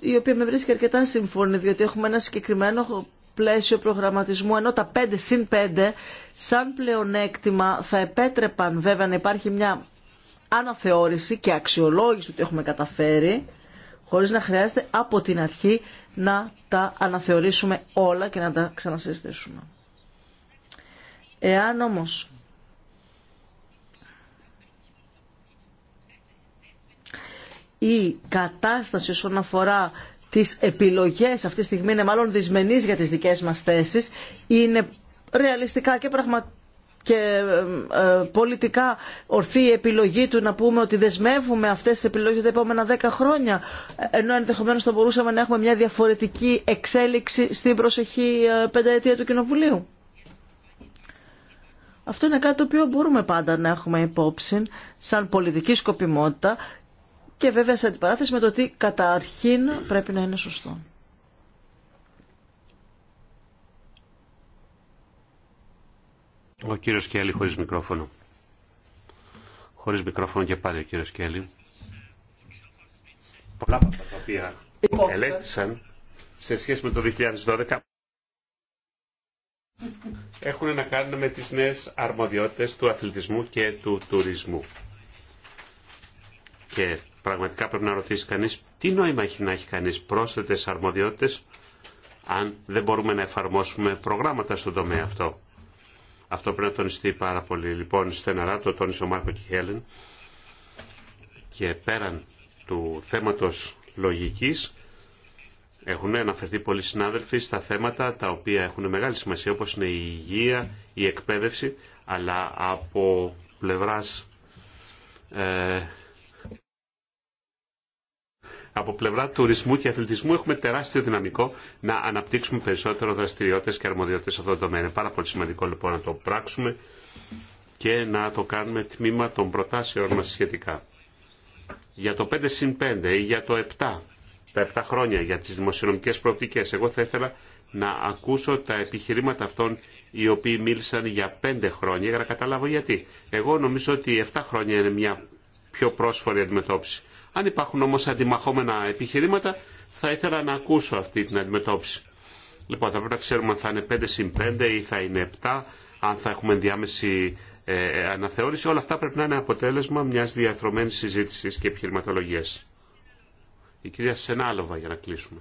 η οποία με βρίσκει αρκετά σύμφωνη, διότι έχουμε ένα συγκεκριμένο πλαίσιο προγραμματισμού, ενώ τα 5 συν 5 σαν πλεονέκτημα θα επέτρεπαν βέβαια να υπάρχει μια αναθεώρηση και αξιολόγηση ότι έχουμε καταφέρει, χωρίς να χρειάζεται από την αρχή να τα αναθεωρήσουμε όλα και να τα ξανασυζητήσουμε. Εάν όμως η κατάσταση όσον αφορά τις επιλογές αυτή τη στιγμή είναι μάλλον δυσμενής για τις δικές μας θέσεις, είναι ρεαλιστικά και πραγματικά και ε, ε, πολιτικά ορθή η επιλογή του να πούμε ότι δεσμεύουμε αυτές τις επιλογές τα επόμενα δέκα χρόνια ενώ ενδεχομένως θα μπορούσαμε να έχουμε μια διαφορετική εξέλιξη στην προσεχή ε, πενταετία του Κοινοβουλίου. Αυτό είναι κάτι το οποίο μπορούμε πάντα να έχουμε υπόψη σαν πολιτική σκοπιμότητα και βέβαια σε αντιπαράθεση με το ότι καταρχήν πρέπει να είναι σωστό. Ο κύριο Κέλλη χωρίς μικρόφωνο. Χωρίς μικρόφωνο και πάλι ο κύριο Κέλλη. Πολλά από τα οποία ελέγχθησαν σε σχέση με το 2012 έχουν να κάνουν με τις νέες αρμοδιότητες του αθλητισμού και του τουρισμού. Και πραγματικά πρέπει να ρωτήσει κανείς τι νόημα έχει να έχει κανείς πρόσθετες αρμοδιότητες αν δεν μπορούμε να εφαρμόσουμε προγράμματα στον τομέα αυτό. Αυτό πρέπει να τονιστεί πάρα πολύ. Λοιπόν, στεναρά το τόνισε ο Μάρκο και η Χέλεν. Και πέραν του θέματος λογικής, έχουν αναφερθεί πολλοί συνάδελφοι στα θέματα τα οποία έχουν μεγάλη σημασία, όπως είναι η υγεία, η εκπαίδευση, αλλά από πλευράς ε, από πλευρά τουρισμού και αθλητισμού έχουμε τεράστιο δυναμικό να αναπτύξουμε περισσότερο δραστηριότητε και αρμοδιότητε σε αυτό το τομέα. Είναι πάρα πολύ σημαντικό λοιπόν να το πράξουμε και να το κάνουμε τμήμα των προτάσεων μα σχετικά. Για το 5 συν 5 ή για το 7, τα 7 χρόνια για τι δημοσιονομικέ προοπτικέ, εγώ θα ήθελα να ακούσω τα επιχειρήματα αυτών οι οποίοι μίλησαν για 5 χρόνια για να καταλάβω γιατί. Εγώ νομίζω ότι 7 χρόνια είναι μια πιο πρόσφορη αντιμετώπιση. Αν υπάρχουν όμως αντιμαχόμενα επιχειρήματα, θα ήθελα να ακούσω αυτή την αντιμετώπιση. Λοιπόν, θα πρέπει να ξέρουμε αν θα είναι 5 συν 5 ή θα είναι 7, αν θα έχουμε διάμεση ε, αναθεώρηση. Όλα αυτά πρέπει να είναι αποτέλεσμα μιας διαρθρωμένης συζήτησης και επιχειρηματολογίας. Η κυρία Σενάλοβα για να κλείσουμε.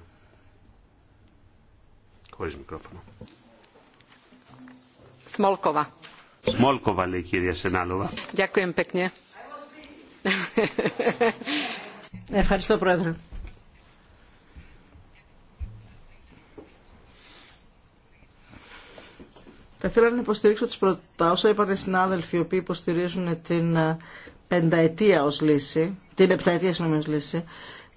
Χωρίς μικρόφωνο. Σμόλκοβα. Σμόλκοβα λέει η κυρία Σενάλοβα. Ευχαριστώ, Πρόεδρε. Θα ήθελα να υποστηρίξω τις προ... τα όσα είπαν οι συνάδελφοι οι οποίοι υποστηρίζουν την ε, πενταετία ως λύση, την επταετία συγγνώμη ως λύση.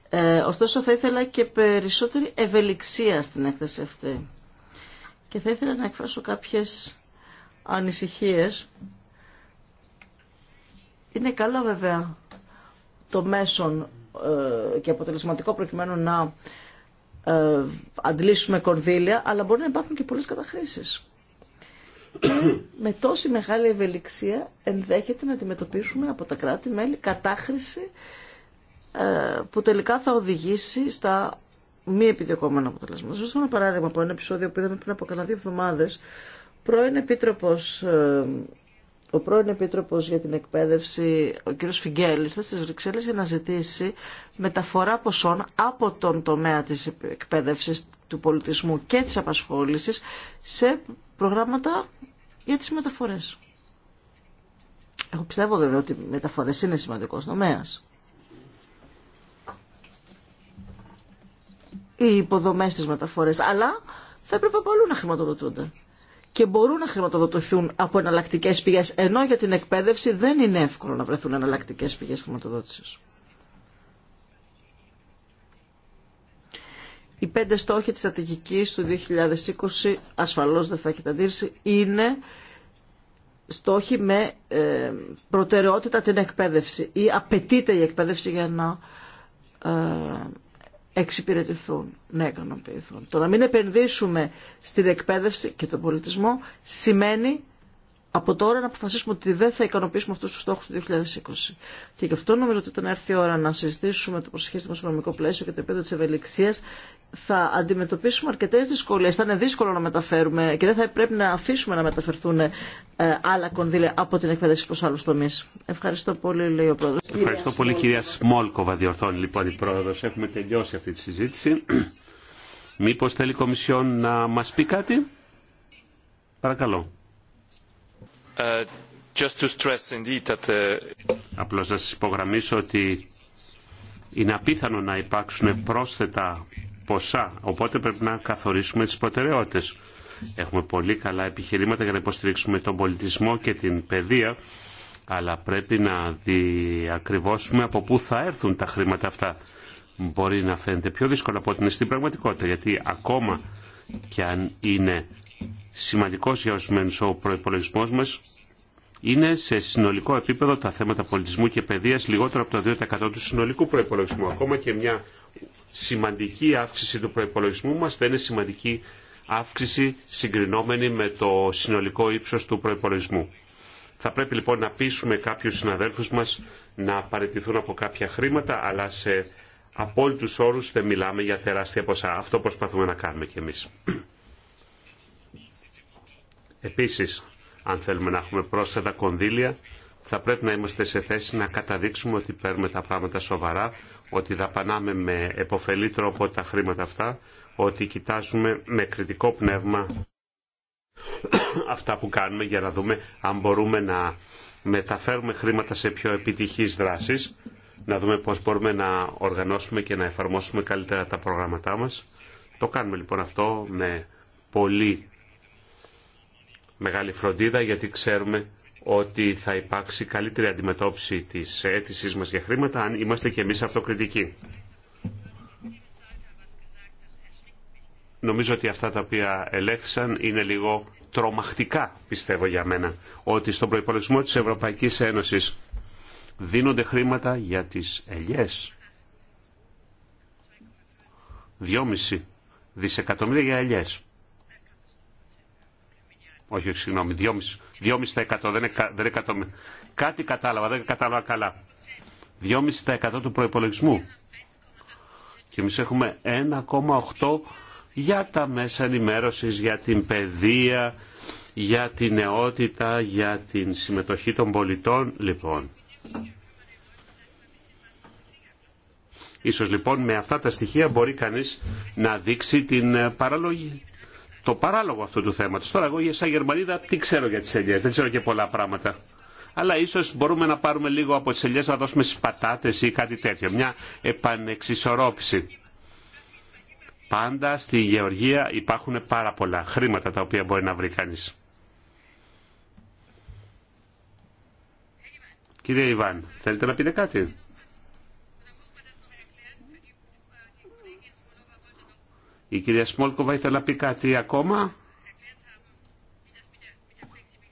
Ε, ωστόσο θα ήθελα και περισσότερη ευελιξία στην έκθεση αυτή. Και θα ήθελα να εκφράσω κάποιες ανησυχίες. Είναι καλό βέβαια το μέσον ε, και αποτελεσματικό προκειμένου να ε, αντλήσουμε κορδίλια, αλλά μπορεί να υπάρχουν και πολλές καταχρήσεις. με τόση μεγάλη ευελιξία ενδέχεται να αντιμετωπίσουμε από τα κράτη-μέλη κατάχρηση ε, που τελικά θα οδηγήσει στα μη επιδιωκόμενα αποτελέσματα. Σας ένα παράδειγμα από ένα επεισόδιο που είδαμε πριν από κανένα δύο εβδομάδες. Πρώην Επίτροπος ο πρώην επίτροπο για την Εκπαίδευση, ο κ. Φιγγέλ, ήρθε στις Βρυξέλλε για να ζητήσει μεταφορά ποσών από τον τομέα της εκπαίδευση του πολιτισμού και της απασχόλησης σε προγράμματα για τις μεταφορές. Εγώ πιστεύω βέβαια ότι οι μεταφορέ είναι σημαντικός τομέα. Οι υποδομές της μεταφορέ, αλλά θα έπρεπε από αλλού να χρηματοδοτούνται και μπορούν να χρηματοδοτηθούν από εναλλακτικέ πηγέ, ενώ για την εκπαίδευση δεν είναι εύκολο να βρεθούν εναλλακτικέ πηγέ χρηματοδότηση. Οι πέντε στόχοι της στρατηγικής του 2020, ασφαλώς δεν θα έχετε αντίρρηση, είναι στόχοι με ε, προτεραιότητα την εκπαίδευση ή απαιτείται η εκπαίδευση για να ε, εξυπηρετηθούν, να ικανοποιηθούν. Το να μην επενδύσουμε στην εκπαίδευση και τον πολιτισμό σημαίνει από τώρα να αποφασίσουμε ότι δεν θα ικανοποιήσουμε αυτού του στόχου του 2020. Και γι' αυτό νομίζω ότι όταν έρθει η ώρα να συζητήσουμε το στο δημοσιονομικό πλαίσιο και το επίπεδο τη ευελιξία, θα αντιμετωπίσουμε αρκετέ δυσκολίε, Θα είναι δύσκολο να μεταφέρουμε και δεν θα πρέπει να αφήσουμε να μεταφερθούν ε, άλλα κονδύλια από την εκπαίδευση προ άλλου τομεί. Ευχαριστώ πολύ, λέει ο πρόεδρο. Ευχαριστώ πολύ, κυρία Σμόλκοβα, διορθώνει λοιπόν η πρόεδρο. Έχουμε τελειώσει αυτή τη συζήτηση. Μήπω θέλει η Κομισιόν να μα πει κάτι. Παρακαλώ. Uh, uh, Απλώς να σας υπογραμμίσω ότι είναι απίθανο να υπάρξουν πρόσθετα ποσά, οπότε πρέπει να καθορίσουμε τις προτεραιότητες. Έχουμε πολύ καλά επιχειρήματα για να υποστηρίξουμε τον πολιτισμό και την παιδεία, αλλά πρέπει να διακριβώσουμε από πού θα έρθουν τα χρήματα αυτά. Μπορεί να φαίνεται πιο δύσκολο από ότι είναι στην πραγματικότητα, γιατί ακόμα και αν είναι σημαντικός για ορισμένου ο προπολογισμό μας, είναι σε συνολικό επίπεδο τα θέματα πολιτισμού και παιδείας λιγότερο από το 2% του συνολικού προϋπολογισμού. Ακόμα και μια σημαντική αύξηση του προπολογισμού μας δεν είναι σημαντική αύξηση συγκρινόμενη με το συνολικό ύψος του προπολογισμού. Θα πρέπει λοιπόν να πείσουμε κάποιους συναδέλφους μας να παραιτηθούν από κάποια χρήματα, αλλά σε απόλυτους όρους δεν μιλάμε για τεράστια ποσά. Αυτό προσπαθούμε να κάνουμε κι εμείς. Επίσης, αν θέλουμε να έχουμε πρόσθετα κονδύλια, θα πρέπει να είμαστε σε θέση να καταδείξουμε ότι παίρνουμε τα πράγματα σοβαρά, ότι δαπανάμε με επωφελή τρόπο τα χρήματα αυτά, ότι κοιτάζουμε με κριτικό πνεύμα αυτά που κάνουμε για να δούμε αν μπορούμε να μεταφέρουμε χρήματα σε πιο επιτυχείς δράσεις, να δούμε πώς μπορούμε να οργανώσουμε και να εφαρμόσουμε καλύτερα τα προγράμματά μας. Το κάνουμε λοιπόν αυτό με πολύ μεγάλη φροντίδα γιατί ξέρουμε ότι θα υπάρξει καλύτερη αντιμετώπιση της αίτησής μας για χρήματα αν είμαστε και εμείς αυτοκριτικοί. Νομίζω ότι αυτά τα οποία ελέγχθησαν είναι λίγο τρομακτικά, πιστεύω για μένα, ότι στον προϋπολογισμό της Ευρωπαϊκής Ένωσης δίνονται χρήματα για τις ελιές. 2,5 δισεκατομμύρια για ελιές όχι, συγγνώμη, 2,5% δεν είναι, δεν Κάτι κατάλαβα, δεν κατάλαβα καλά. 2,5% του προϋπολογισμού. Και εμεί έχουμε 1,8% για τα μέσα ενημέρωσης, για την παιδεία, για την νεότητα, για την συμμετοχή των πολιτών. Λοιπόν, ίσως λοιπόν με αυτά τα στοιχεία μπορεί κανείς να δείξει την παραλογή το παράλογο αυτού του θέματος. Τώρα εγώ σαν Γερμανίδα τι ξέρω για τις ελιέ, δεν ξέρω και πολλά πράγματα. Αλλά ίσως μπορούμε να πάρουμε λίγο από τις ελιέ να δώσουμε στι πατάτε ή κάτι τέτοιο. Μια επανεξισορρόπηση. Πάντα στη γεωργία υπάρχουν πάρα πολλά χρήματα τα οποία μπορεί να βρει κανεί. Κύριε Ιβάν, θέλετε να πείτε κάτι. Η κυρία Σμόλκοβα ήθελε να πει κάτι ακόμα.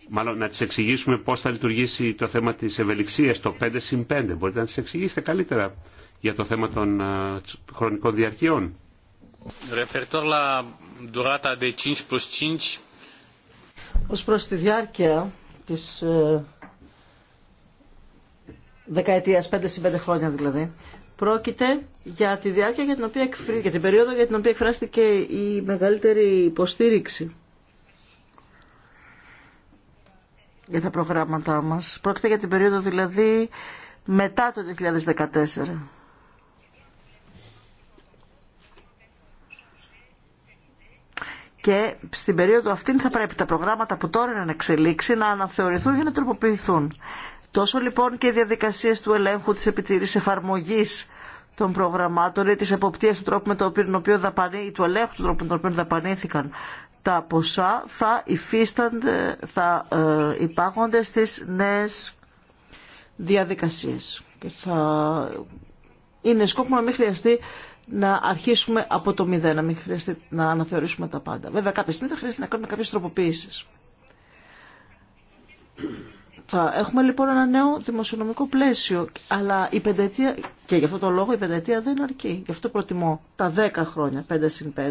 Μάλλον να της εξηγήσουμε πώς θα λειτουργήσει το θέμα της ευελιξίας, το 5 συν 5. Μπορείτε να της εξηγήσετε καλύτερα για το θέμα των ε, χρονικών διαρκειών. Ως προς τη διάρκεια της ε, δεκαετίας, 5 5 χρόνια δηλαδή, Πρόκειται για τη διάρκεια για την, οποία, περίοδο για την οποία εκφράστηκε η μεγαλύτερη υποστήριξη για τα προγράμματά μας. Πρόκειται για την περίοδο δηλαδή μετά το 2014. Και στην περίοδο αυτή θα πρέπει τα προγράμματα που τώρα είναι εξελίξει να αναθεωρηθούν για να τροποποιηθούν. Τόσο λοιπόν και οι διαδικασίε του ελέγχου τη επιτήρησης εφαρμογή των προγραμμάτων ή τη εποπτεία του τρόπου με τον οποίο του ελέγχου του τρόπου με τον οποίο δαπανήθηκαν τα ποσά θα υφίστανται, θα ε, υπάγονται στις νέες διαδικασίες. Και θα... Είναι σκόπο να μην χρειαστεί να αρχίσουμε από το μηδέν, να μην χρειαστεί να αναθεωρήσουμε τα πάντα. Βέβαια κάθε στιγμή θα χρειαστεί να κάνουμε κάποιες τροποποίησεις. Θα έχουμε λοιπόν ένα νέο δημοσιονομικό πλαίσιο, αλλά η πενταετία, και γι' αυτό το λόγο η πενταετία δεν αρκεί. Γι' αυτό προτιμώ τα 10 χρόνια, 5 συν 5,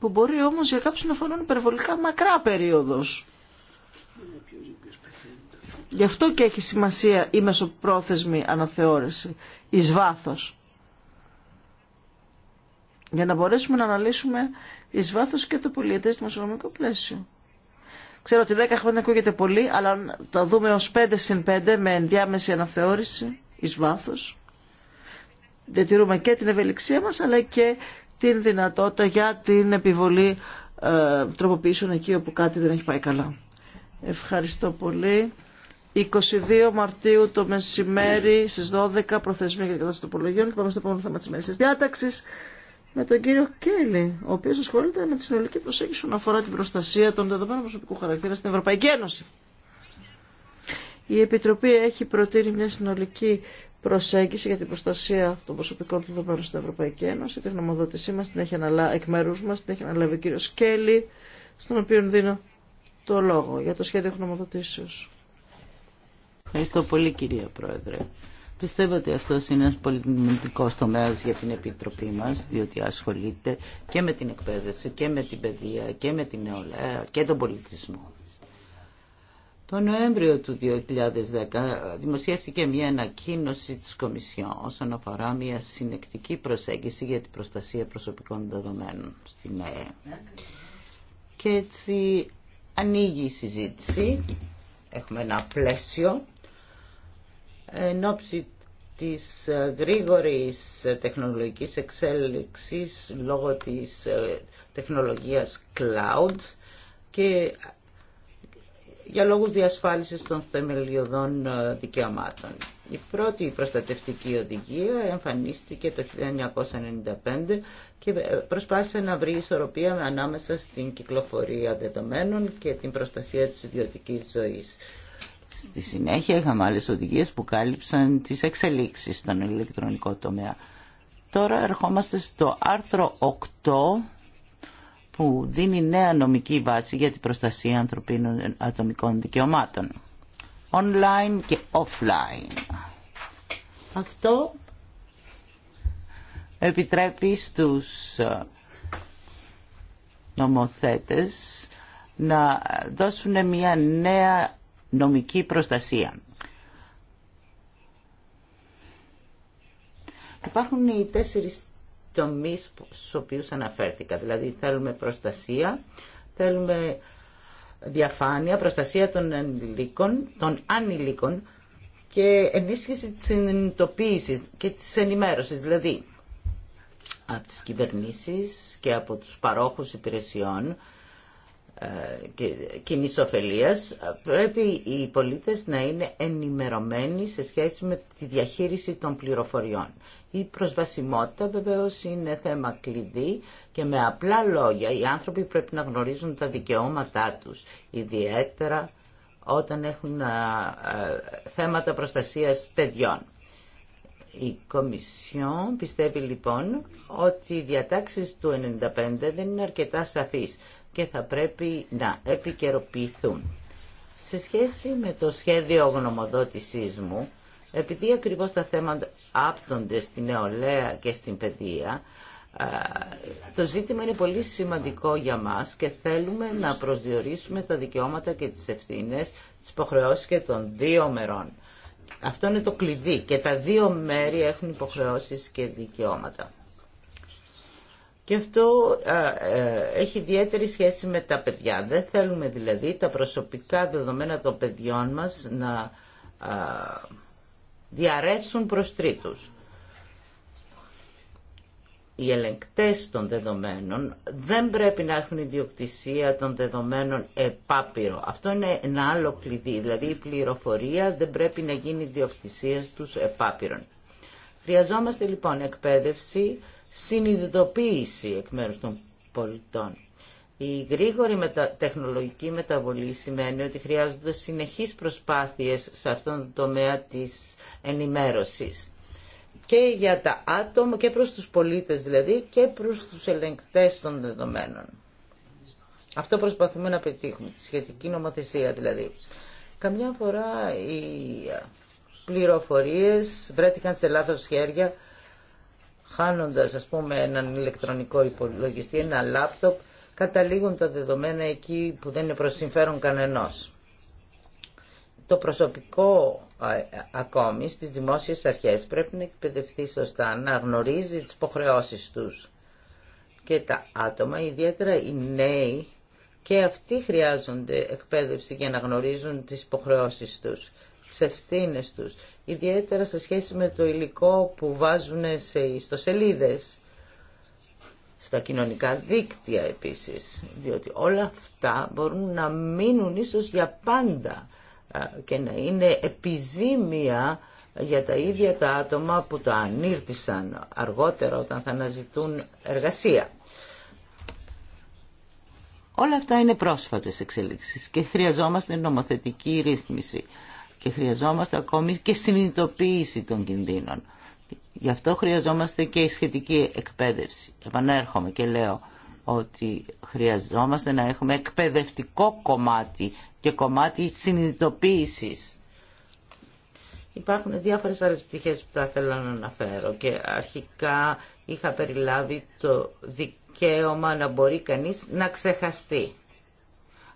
που μπορεί όμως για κάποιους να φανούν υπερβολικά μακρά περίοδος. Γι' αυτό και έχει σημασία η μεσοπρόθεσμη αναθεώρηση, εις βάθος. Για να μπορέσουμε να αναλύσουμε εις βάθος και το πολιετές δημοσιονομικό πλαίσιο. Ξέρω ότι 10 χρόνια ακούγεται πολύ, αλλά αν το δούμε ως 5 συν 5 με ενδιάμεση αναθεώρηση εις βάθος, διατηρούμε και την ευελιξία μας, αλλά και την δυνατότητα για την επιβολή ε, τροποποιήσεων εκεί όπου κάτι δεν έχει πάει καλά. Ευχαριστώ πολύ. 22 Μαρτίου το μεσημέρι στις 12 προθεσμία για κατάσταση των υπολογιών πάμε στο επόμενο θέμα της μέσης διάταξης με τον κύριο Κέλλη, ο οποίος ασχολείται με τη συνολική προσέγγιση όσον αφορά την προστασία των δεδομένων προσωπικού χαρακτήρα στην Ευρωπαϊκή Ένωση. Η Επιτροπή έχει προτείνει μια συνολική προσέγγιση για την προστασία των προσωπικών δεδομένων στην Ευρωπαϊκή Ένωση. την γνωμοδότησή μας την έχει αναλάβει εκ μέρου μα την έχει αναλάβει ο κύριο Κέλλη, στον οποίο δίνω το λόγο για το σχέδιο γνωμοδοτήσεω. Ευχαριστώ πολύ κυρία Πρόεδρε. Πιστεύω ότι αυτό είναι ένας πολιτικός τομέα για την Επιτροπή μας, διότι ασχολείται και με την εκπαίδευση και με την παιδεία και με την νεολαία και τον πολιτισμό. Το Νοέμβριο του 2010 δημοσιεύτηκε μια ανακοίνωση της Κομισιόν όσον αφορά μια συνεκτική προσέγγιση για την προστασία προσωπικών δεδομένων στην ΑΕ. ΕΕ. Και έτσι ανοίγει η συζήτηση. Έχουμε ένα πλαίσιο εν ώψη της ε, γρήγορης ε, τεχνολογικής εξέλιξης λόγω της ε, τεχνολογίας cloud και για λόγους διασφάλισης των θεμελιωδών δικαιωμάτων. Η πρώτη προστατευτική οδηγία εμφανίστηκε το 1995 και προσπάθησε να βρει ισορροπία ανάμεσα στην κυκλοφορία δεδομένων και την προστασία της ιδιωτικής ζωής. Στη συνέχεια είχαμε άλλες οδηγίες που κάλυψαν τις εξελίξεις στον ηλεκτρονικό τομέα. Τώρα ερχόμαστε στο άρθρο 8 που δίνει νέα νομική βάση για την προστασία ανθρωπίνων ατομικών δικαιωμάτων. Online και offline. Αυτό επιτρέπει στους ε, νομοθέτες να δώσουν μια νέα νομική προστασία. Υπάρχουν οι τέσσερις τομείς στους οποίους αναφέρθηκα. Δηλαδή θέλουμε προστασία, θέλουμε διαφάνεια, προστασία των ανηλίκων, των ανηλίκων και ενίσχυση της συνειδητοποίησης και της ενημέρωσης. Δηλαδή από τις κυβερνήσεις και από τους παρόχους υπηρεσιών ε, κοινή ωφελία, πρέπει οι πολίτες να είναι ενημερωμένοι σε σχέση με τη διαχείριση των πληροφοριών. Η προσβασιμότητα βεβαίω είναι θέμα κλειδί και με απλά λόγια οι άνθρωποι πρέπει να γνωρίζουν τα δικαιώματά τους, ιδιαίτερα όταν έχουν ε, ε, θέματα προστασίας παιδιών. Η Κομισιόν πιστεύει λοιπόν ότι οι διατάξεις του 1995 δεν είναι αρκετά σαφείς και θα πρέπει να επικαιροποιηθούν. Σε σχέση με το σχέδιο γνωμοδότησής μου, επειδή ακριβώς τα θέματα άπτονται στην νεολαία και στην παιδεία, το ζήτημα είναι πολύ σημαντικό για μας και θέλουμε να προσδιορίσουμε τα δικαιώματα και τις ευθύνες, τις υποχρεώσεις και των δύο μερών. Αυτό είναι το κλειδί και τα δύο μέρη έχουν υποχρεώσεις και δικαιώματα. Και αυτό ε, έχει ιδιαίτερη σχέση με τα παιδιά. Δεν θέλουμε δηλαδή τα προσωπικά δεδομένα των παιδιών μας να διαρρεύσουν προς τρίτους. Οι ελεγκτές των δεδομένων δεν πρέπει να έχουν ιδιοκτησία των δεδομένων επάπειρο. Αυτό είναι ένα άλλο κλειδί, δηλαδή η πληροφορία δεν πρέπει να γίνει ιδιοκτησία τους επάπειρων. Χρειαζόμαστε λοιπόν εκπαίδευση συνειδητοποίηση εκ μέρους των πολιτών. Η γρήγορη μετα... τεχνολογική μεταβολή σημαίνει ότι χρειάζονται συνεχείς προσπάθειες σε αυτόν τον τομέα της ενημέρωσης. Και για τα άτομα και προς τους πολίτες δηλαδή και προς τους ελεγκτές των δεδομένων. Αυτό προσπαθούμε να πετύχουμε, τη σχετική νομοθεσία δηλαδή. Καμιά φορά οι πληροφορίες βρέθηκαν σε λάθος χέρια χάνοντας ας πούμε έναν ηλεκτρονικό υπολογιστή, ένα λάπτοπ, καταλήγουν τα δεδομένα εκεί που δεν είναι προς συμφέρον κανενός. Το προσωπικό ε, ακόμη στις δημόσιες αρχές πρέπει να εκπαιδευτεί σωστά, να γνωρίζει τις υποχρεώσεις τους. Και τα άτομα, ιδιαίτερα οι νέοι, και αυτοί χρειάζονται εκπαίδευση για να γνωρίζουν τις υποχρεώσεις τους, τις ευθύνες τους ιδιαίτερα σε σχέση με το υλικό που βάζουν σε ιστοσελίδες, στα κοινωνικά δίκτυα επίσης, διότι όλα αυτά μπορούν να μείνουν ίσως για πάντα και να είναι επιζήμια για τα ίδια τα άτομα που τα ανήρτησαν αργότερα όταν θα αναζητούν εργασία. Όλα αυτά είναι πρόσφατες εξελίξεις και χρειαζόμαστε νομοθετική ρύθμιση και χρειαζόμαστε ακόμη και συνειδητοποίηση των κινδύνων. Γι' αυτό χρειαζόμαστε και η σχετική εκπαίδευση. Επανέρχομαι και λέω ότι χρειαζόμαστε να έχουμε εκπαιδευτικό κομμάτι και κομμάτι συνειδητοποίησης. Υπάρχουν διάφορες άλλες πτυχές που θα ήθελα να αναφέρω και αρχικά είχα περιλάβει το δικαίωμα να μπορεί κανείς να ξεχαστεί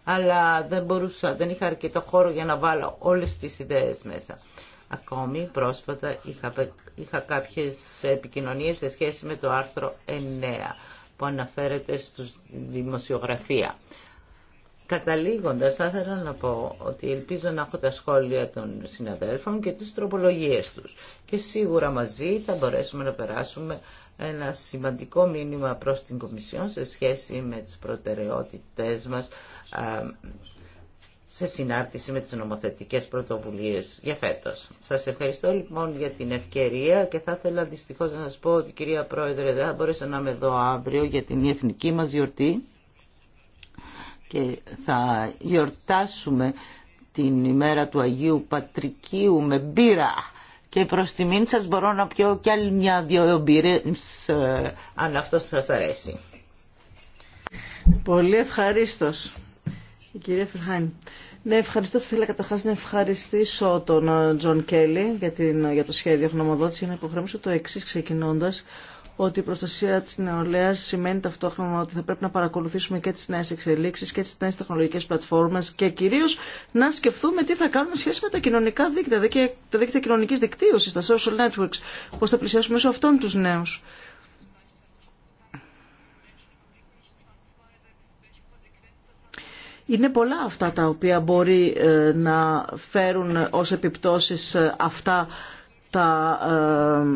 αλλά δεν, μπορούσα, δεν είχα αρκετό χώρο για να βάλω όλες τις ιδέες μέσα. Ακόμη πρόσφατα είχα, είχα κάποιες επικοινωνίες σε σχέση με το άρθρο 9 που αναφέρεται στη δημοσιογραφία. Καταλήγοντας, θα ήθελα να πω ότι ελπίζω να έχω τα σχόλια των συναδέλφων και τις τροπολογίες τους. Και σίγουρα μαζί θα μπορέσουμε να περάσουμε ένα σημαντικό μήνυμα προς την Κομισιόν σε σχέση με τις προτεραιότητες μας σε συνάρτηση με τις νομοθετικές πρωτοβουλίες για φέτος. Σας ευχαριστώ λοιπόν για την ευκαιρία και θα ήθελα δυστυχώς να σας πω ότι κυρία Πρόεδρε δεν μπορέσω να είμαι εδώ αύριο για την εθνική μας γιορτή και θα γιορτάσουμε την ημέρα του Αγίου Πατρικίου με μπύρα και προς τιμήν σα μπορώ να πιω κι άλλη μια-δυο εμπειρίε, αν αυτό σας αρέσει. Πολύ ευχαριστώ, Η κυρία Ναι, ευχαριστώ. Θα ήθελα καταρχά να ευχαριστήσω τον ε, Τζον Κέλλη για, για το σχέδιο γνωμοδότηση για να υποχρεώσω το εξή ξεκινώντα ότι η προστασία τη νεολαία σημαίνει ταυτόχρονα ότι θα πρέπει να παρακολουθήσουμε και τις νέες εξελίξεις και τις νέες τεχνολογικές πλατφόρμες και κυρίως να σκεφτούμε τι θα κάνουμε σχέση με τα κοινωνικά δίκτυα τα δίκτυα κοινωνική δικτύωση, τα social networks, πώς θα πλησιάσουμε σε αυτόν τους νέους. Είναι πολλά αυτά τα οποία μπορεί ε, να φέρουν ως επιπτώσεις ε, αυτά τα ε,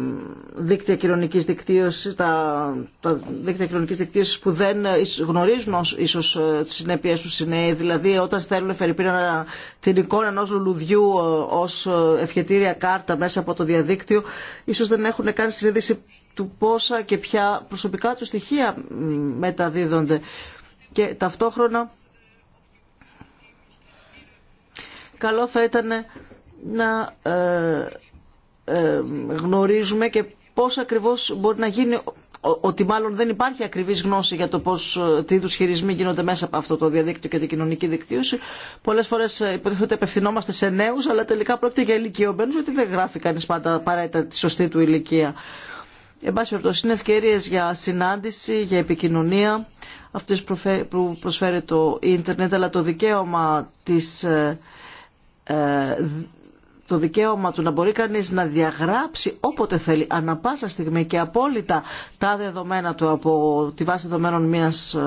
δίκτυα κοινωνικής δικτύωσης, τα, τα δίκτυα κοινωνικής δικτύωσης που δεν γνωρίζουν ως, ίσως ε, τις συνέπειες τους οι δηλαδή όταν στέλνουν φερειπίνα την εικόνα ενός λουλουδιού ε, ως ευχετήρια κάρτα μέσα από το διαδίκτυο, ίσως δεν έχουν καν συνείδηση του πόσα και ποια προσωπικά του στοιχεία μεταδίδονται. Και ταυτόχρονα καλό θα ήταν να ε, ε, γνωρίζουμε και πώς ακριβώς μπορεί να γίνει ότι μάλλον δεν υπάρχει ακριβής γνώση για το πώς, ε, τι χειρισμοί γίνονται μέσα από αυτό το διαδίκτυο και την κοινωνική δικτύωση. Πολλές φορές ε, υποτίθεται ότι απευθυνόμαστε σε νέους, αλλά τελικά πρόκειται για ηλικιωμένου, ότι δεν γράφει κανεί πάντα παράτητα τη σωστή του ηλικία. Εν πάση περιπτώσει, είναι ευκαιρίε για συνάντηση, για επικοινωνία, αυτέ που προσφέρει το ίντερνετ, αλλά το δικαίωμα τη το δικαίωμα του να μπορεί κανείς να διαγράψει όποτε θέλει, ανα πάσα στιγμή και απόλυτα τα δεδομένα του από τη βάση δεδομένων μιας ε,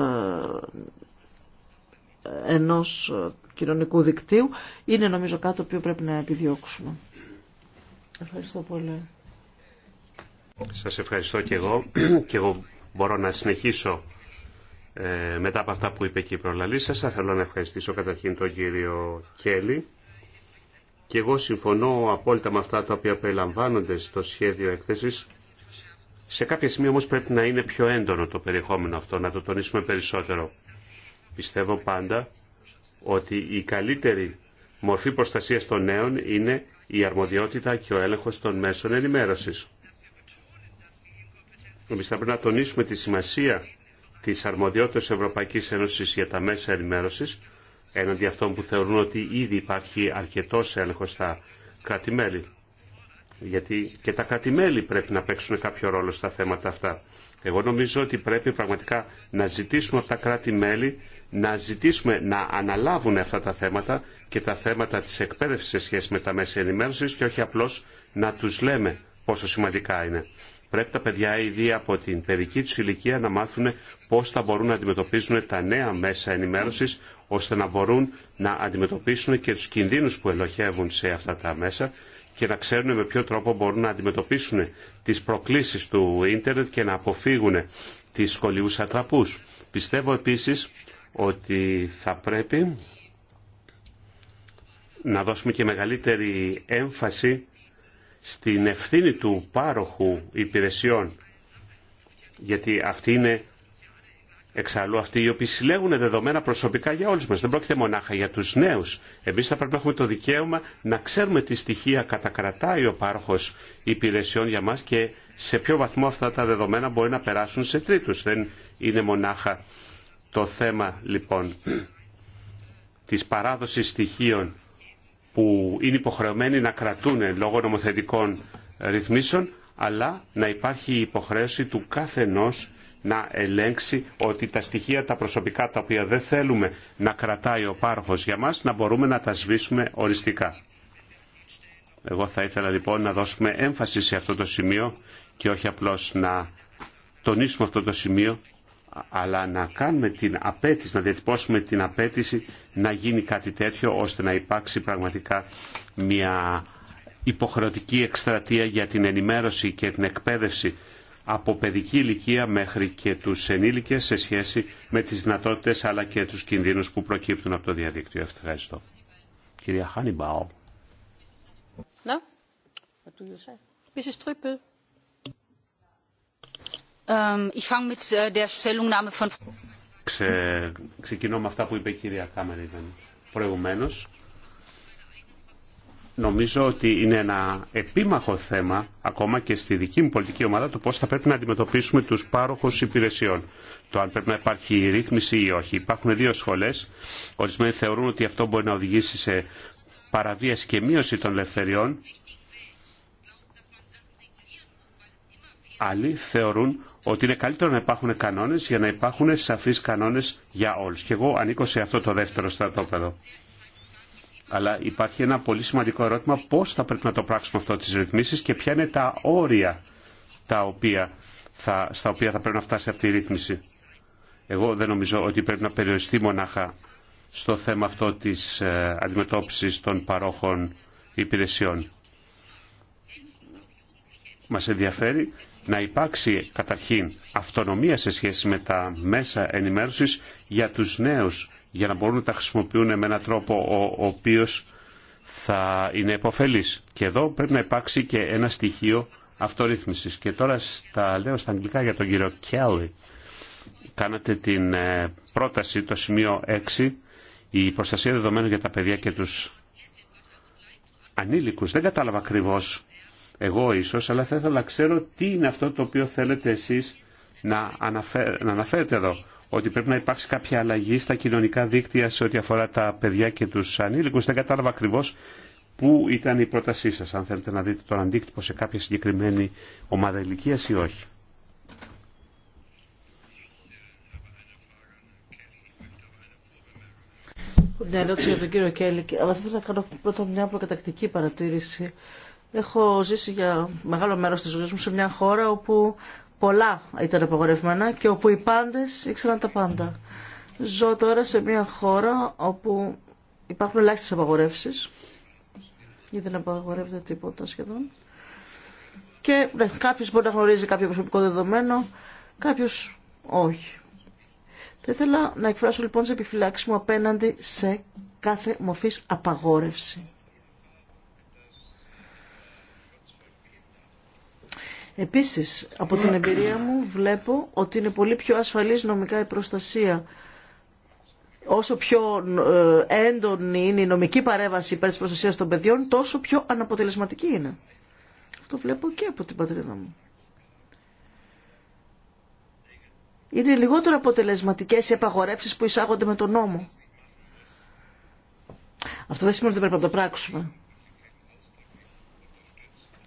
ενός ε, κοινωνικού δικτύου είναι νομίζω κάτι το οποίο πρέπει να επιδιώξουμε. Ευχαριστώ πολύ. Σας ευχαριστώ και εγώ και εγώ μπορώ να συνεχίσω ε, μετά από αυτά που είπε και η προλαλή σας. Θα θέλω να ευχαριστήσω καταρχήν τον κύριο Κέλλη και εγώ συμφωνώ απόλυτα με αυτά τα οποία περιλαμβάνονται στο σχέδιο έκθεσης. Σε κάποια σημεία όμως πρέπει να είναι πιο έντονο το περιεχόμενο αυτό, να το τονίσουμε περισσότερο. Πιστεύω πάντα ότι η καλύτερη μορφή προστασίας των νέων είναι η αρμοδιότητα και ο έλεγχος των μέσων ενημέρωσης. Εμεί θα πρέπει να τονίσουμε τη σημασία της αρμοδιότητας Ευρωπαϊκής Ένωσης για τα μέσα ενημέρωσης, έναντι αυτών που θεωρούν ότι ήδη υπάρχει αρκετός έλεγχος στα κράτη-μέλη. Γιατί και τα κράτη-μέλη πρέπει να παίξουν κάποιο ρόλο στα θέματα αυτά. Εγώ νομίζω ότι πρέπει πραγματικά να ζητήσουμε από τα κράτη-μέλη να ζητήσουμε να αναλάβουν αυτά τα θέματα και τα θέματα της εκπαίδευσης σε σχέση με τα μέσα ενημέρωσης και όχι απλώς να τους λέμε πόσο σημαντικά είναι. Πρέπει τα παιδιά ήδη από την παιδική τους ηλικία να μάθουν πώς θα μπορούν να αντιμετωπίζουν τα νέα μέσα ενημέρωσης ώστε να μπορούν να αντιμετωπίσουν και τους κινδύνους που ελοχεύουν σε αυτά τα μέσα και να ξέρουν με ποιο τρόπο μπορούν να αντιμετωπίσουν τις προκλήσεις του ίντερνετ και να αποφύγουν τις σχολείους ατραπούς. Πιστεύω επίσης ότι θα πρέπει να δώσουμε και μεγαλύτερη έμφαση στην ευθύνη του πάροχου υπηρεσιών γιατί αυτή είναι Εξάλλου αυτοί οι οποίοι συλλέγουν δεδομένα προσωπικά για όλους μας. Δεν πρόκειται μονάχα για τους νέους. Εμείς θα πρέπει να έχουμε το δικαίωμα να ξέρουμε τι στοιχεία κατακρατάει ο πάροχος υπηρεσιών για μας και σε ποιο βαθμό αυτά τα δεδομένα μπορεί να περάσουν σε τρίτους. Δεν είναι μονάχα το θέμα λοιπόν της παράδοσης στοιχείων που είναι υποχρεωμένοι να κρατούν λόγω νομοθετικών ρυθμίσεων αλλά να υπάρχει η υποχρέωση του κάθε ενός να ελέγξει ότι τα στοιχεία τα προσωπικά τα οποία δεν θέλουμε να κρατάει ο πάροχος για μας να μπορούμε να τα σβήσουμε οριστικά. Εγώ θα ήθελα λοιπόν να δώσουμε έμφαση σε αυτό το σημείο και όχι απλώς να τονίσουμε αυτό το σημείο αλλά να κάνουμε την απέτηση, να διατυπώσουμε την απέτηση να γίνει κάτι τέτοιο ώστε να υπάρξει πραγματικά μια υποχρεωτική εκστρατεία για την ενημέρωση και την εκπαίδευση από παιδική ηλικία μέχρι και τους ενήλικες σε σχέση με τις δυνατότητες αλλά και τους κινδύνους που προκύπτουν από το διαδίκτυο. Ευχαριστώ. Κυρία Χάνιμπαου. Äh, ξεκινώ με αυτά που είπε η κυρία Κάμερη προηγουμένω νομίζω ότι είναι ένα επίμαχο θέμα ακόμα και στη δική μου πολιτική ομάδα το πώς θα πρέπει να αντιμετωπίσουμε τους πάροχους υπηρεσιών. Το αν πρέπει να υπάρχει ρύθμιση ή όχι. Υπάρχουν δύο σχολές. Ορισμένοι θεωρούν ότι αυτό μπορεί να οδηγήσει σε παραβίαση και μείωση των ελευθεριών. Άλλοι θεωρούν ότι είναι καλύτερο να υπάρχουν κανόνες για να υπάρχουν σαφείς κανόνες για όλους. Και εγώ ανήκω σε αυτό το δεύτερο στρατόπεδο. Αλλά υπάρχει ένα πολύ σημαντικό ερώτημα πώς θα πρέπει να το πράξουμε αυτό τις ρυθμίσεις και ποια είναι τα όρια τα οποία θα, στα οποία θα πρέπει να φτάσει αυτή η ρύθμιση. Εγώ δεν νομίζω ότι πρέπει να περιοριστεί μονάχα στο θέμα αυτό της ε, αντιμετώπισης των παρόχων υπηρεσιών. Μας ενδιαφέρει να υπάρξει καταρχήν αυτονομία σε σχέση με τα μέσα ενημέρωσης για τους νέους για να μπορούν να τα χρησιμοποιούν με έναν τρόπο ο, ο οποίος θα είναι επωφελής. Και εδώ πρέπει να υπάρξει και ένα στοιχείο αυτορύθμισης. Και τώρα στα λέω στα αγγλικά για τον κύριο Κέλλη. Κάνατε την ε, πρόταση, το σημείο 6, η προστασία δεδομένων για τα παιδιά και τους ανήλικους. Δεν κατάλαβα ακριβώ εγώ ίσως, αλλά θα ήθελα να ξέρω τι είναι αυτό το οποίο θέλετε εσείς να, αναφέρετε εδώ ότι πρέπει να υπάρξει κάποια αλλαγή στα κοινωνικά δίκτυα σε ό,τι αφορά τα παιδιά και τους ανήλικους. Δεν κατάλαβα ακριβώς πού ήταν η πρότασή σας, αν θέλετε να δείτε τον αντίκτυπο σε κάποια συγκεκριμένη ομάδα ηλικία ή όχι. Μια ερώτηση για τον κύριο Κέλλη, αλλά θα να κάνω πρώτα μια προκατακτική παρατήρηση. Έχω ζήσει για μεγάλο μέρος της ζωής μου σε μια χώρα όπου πολλά ήταν απαγορευμένα και όπου οι πάντες ήξεραν τα πάντα. Ζω τώρα σε μια χώρα όπου υπάρχουν ελάχιστε απαγορεύσει, ή δεν απαγορεύεται τίποτα σχεδόν. Και ναι, κάποιο μπορεί να γνωρίζει κάποιο προσωπικό δεδομένο, κάποιο όχι. Θα ήθελα να εκφράσω λοιπόν τι επιφυλάξει μου απέναντι σε κάθε μορφή απαγόρευση. Επίσης, από την εμπειρία μου βλέπω ότι είναι πολύ πιο ασφαλής νομικά η προστασία όσο πιο ε, έντονη είναι η νομική παρέμβαση υπέρ της προστασίας των παιδιών, τόσο πιο αναποτελεσματική είναι. Αυτό βλέπω και από την πατρίδα μου. Είναι λιγότερο αποτελεσματικές οι απαγορεύσεις που εισάγονται με τον νόμο. Αυτό δεν σημαίνει ότι πρέπει να το πράξουμε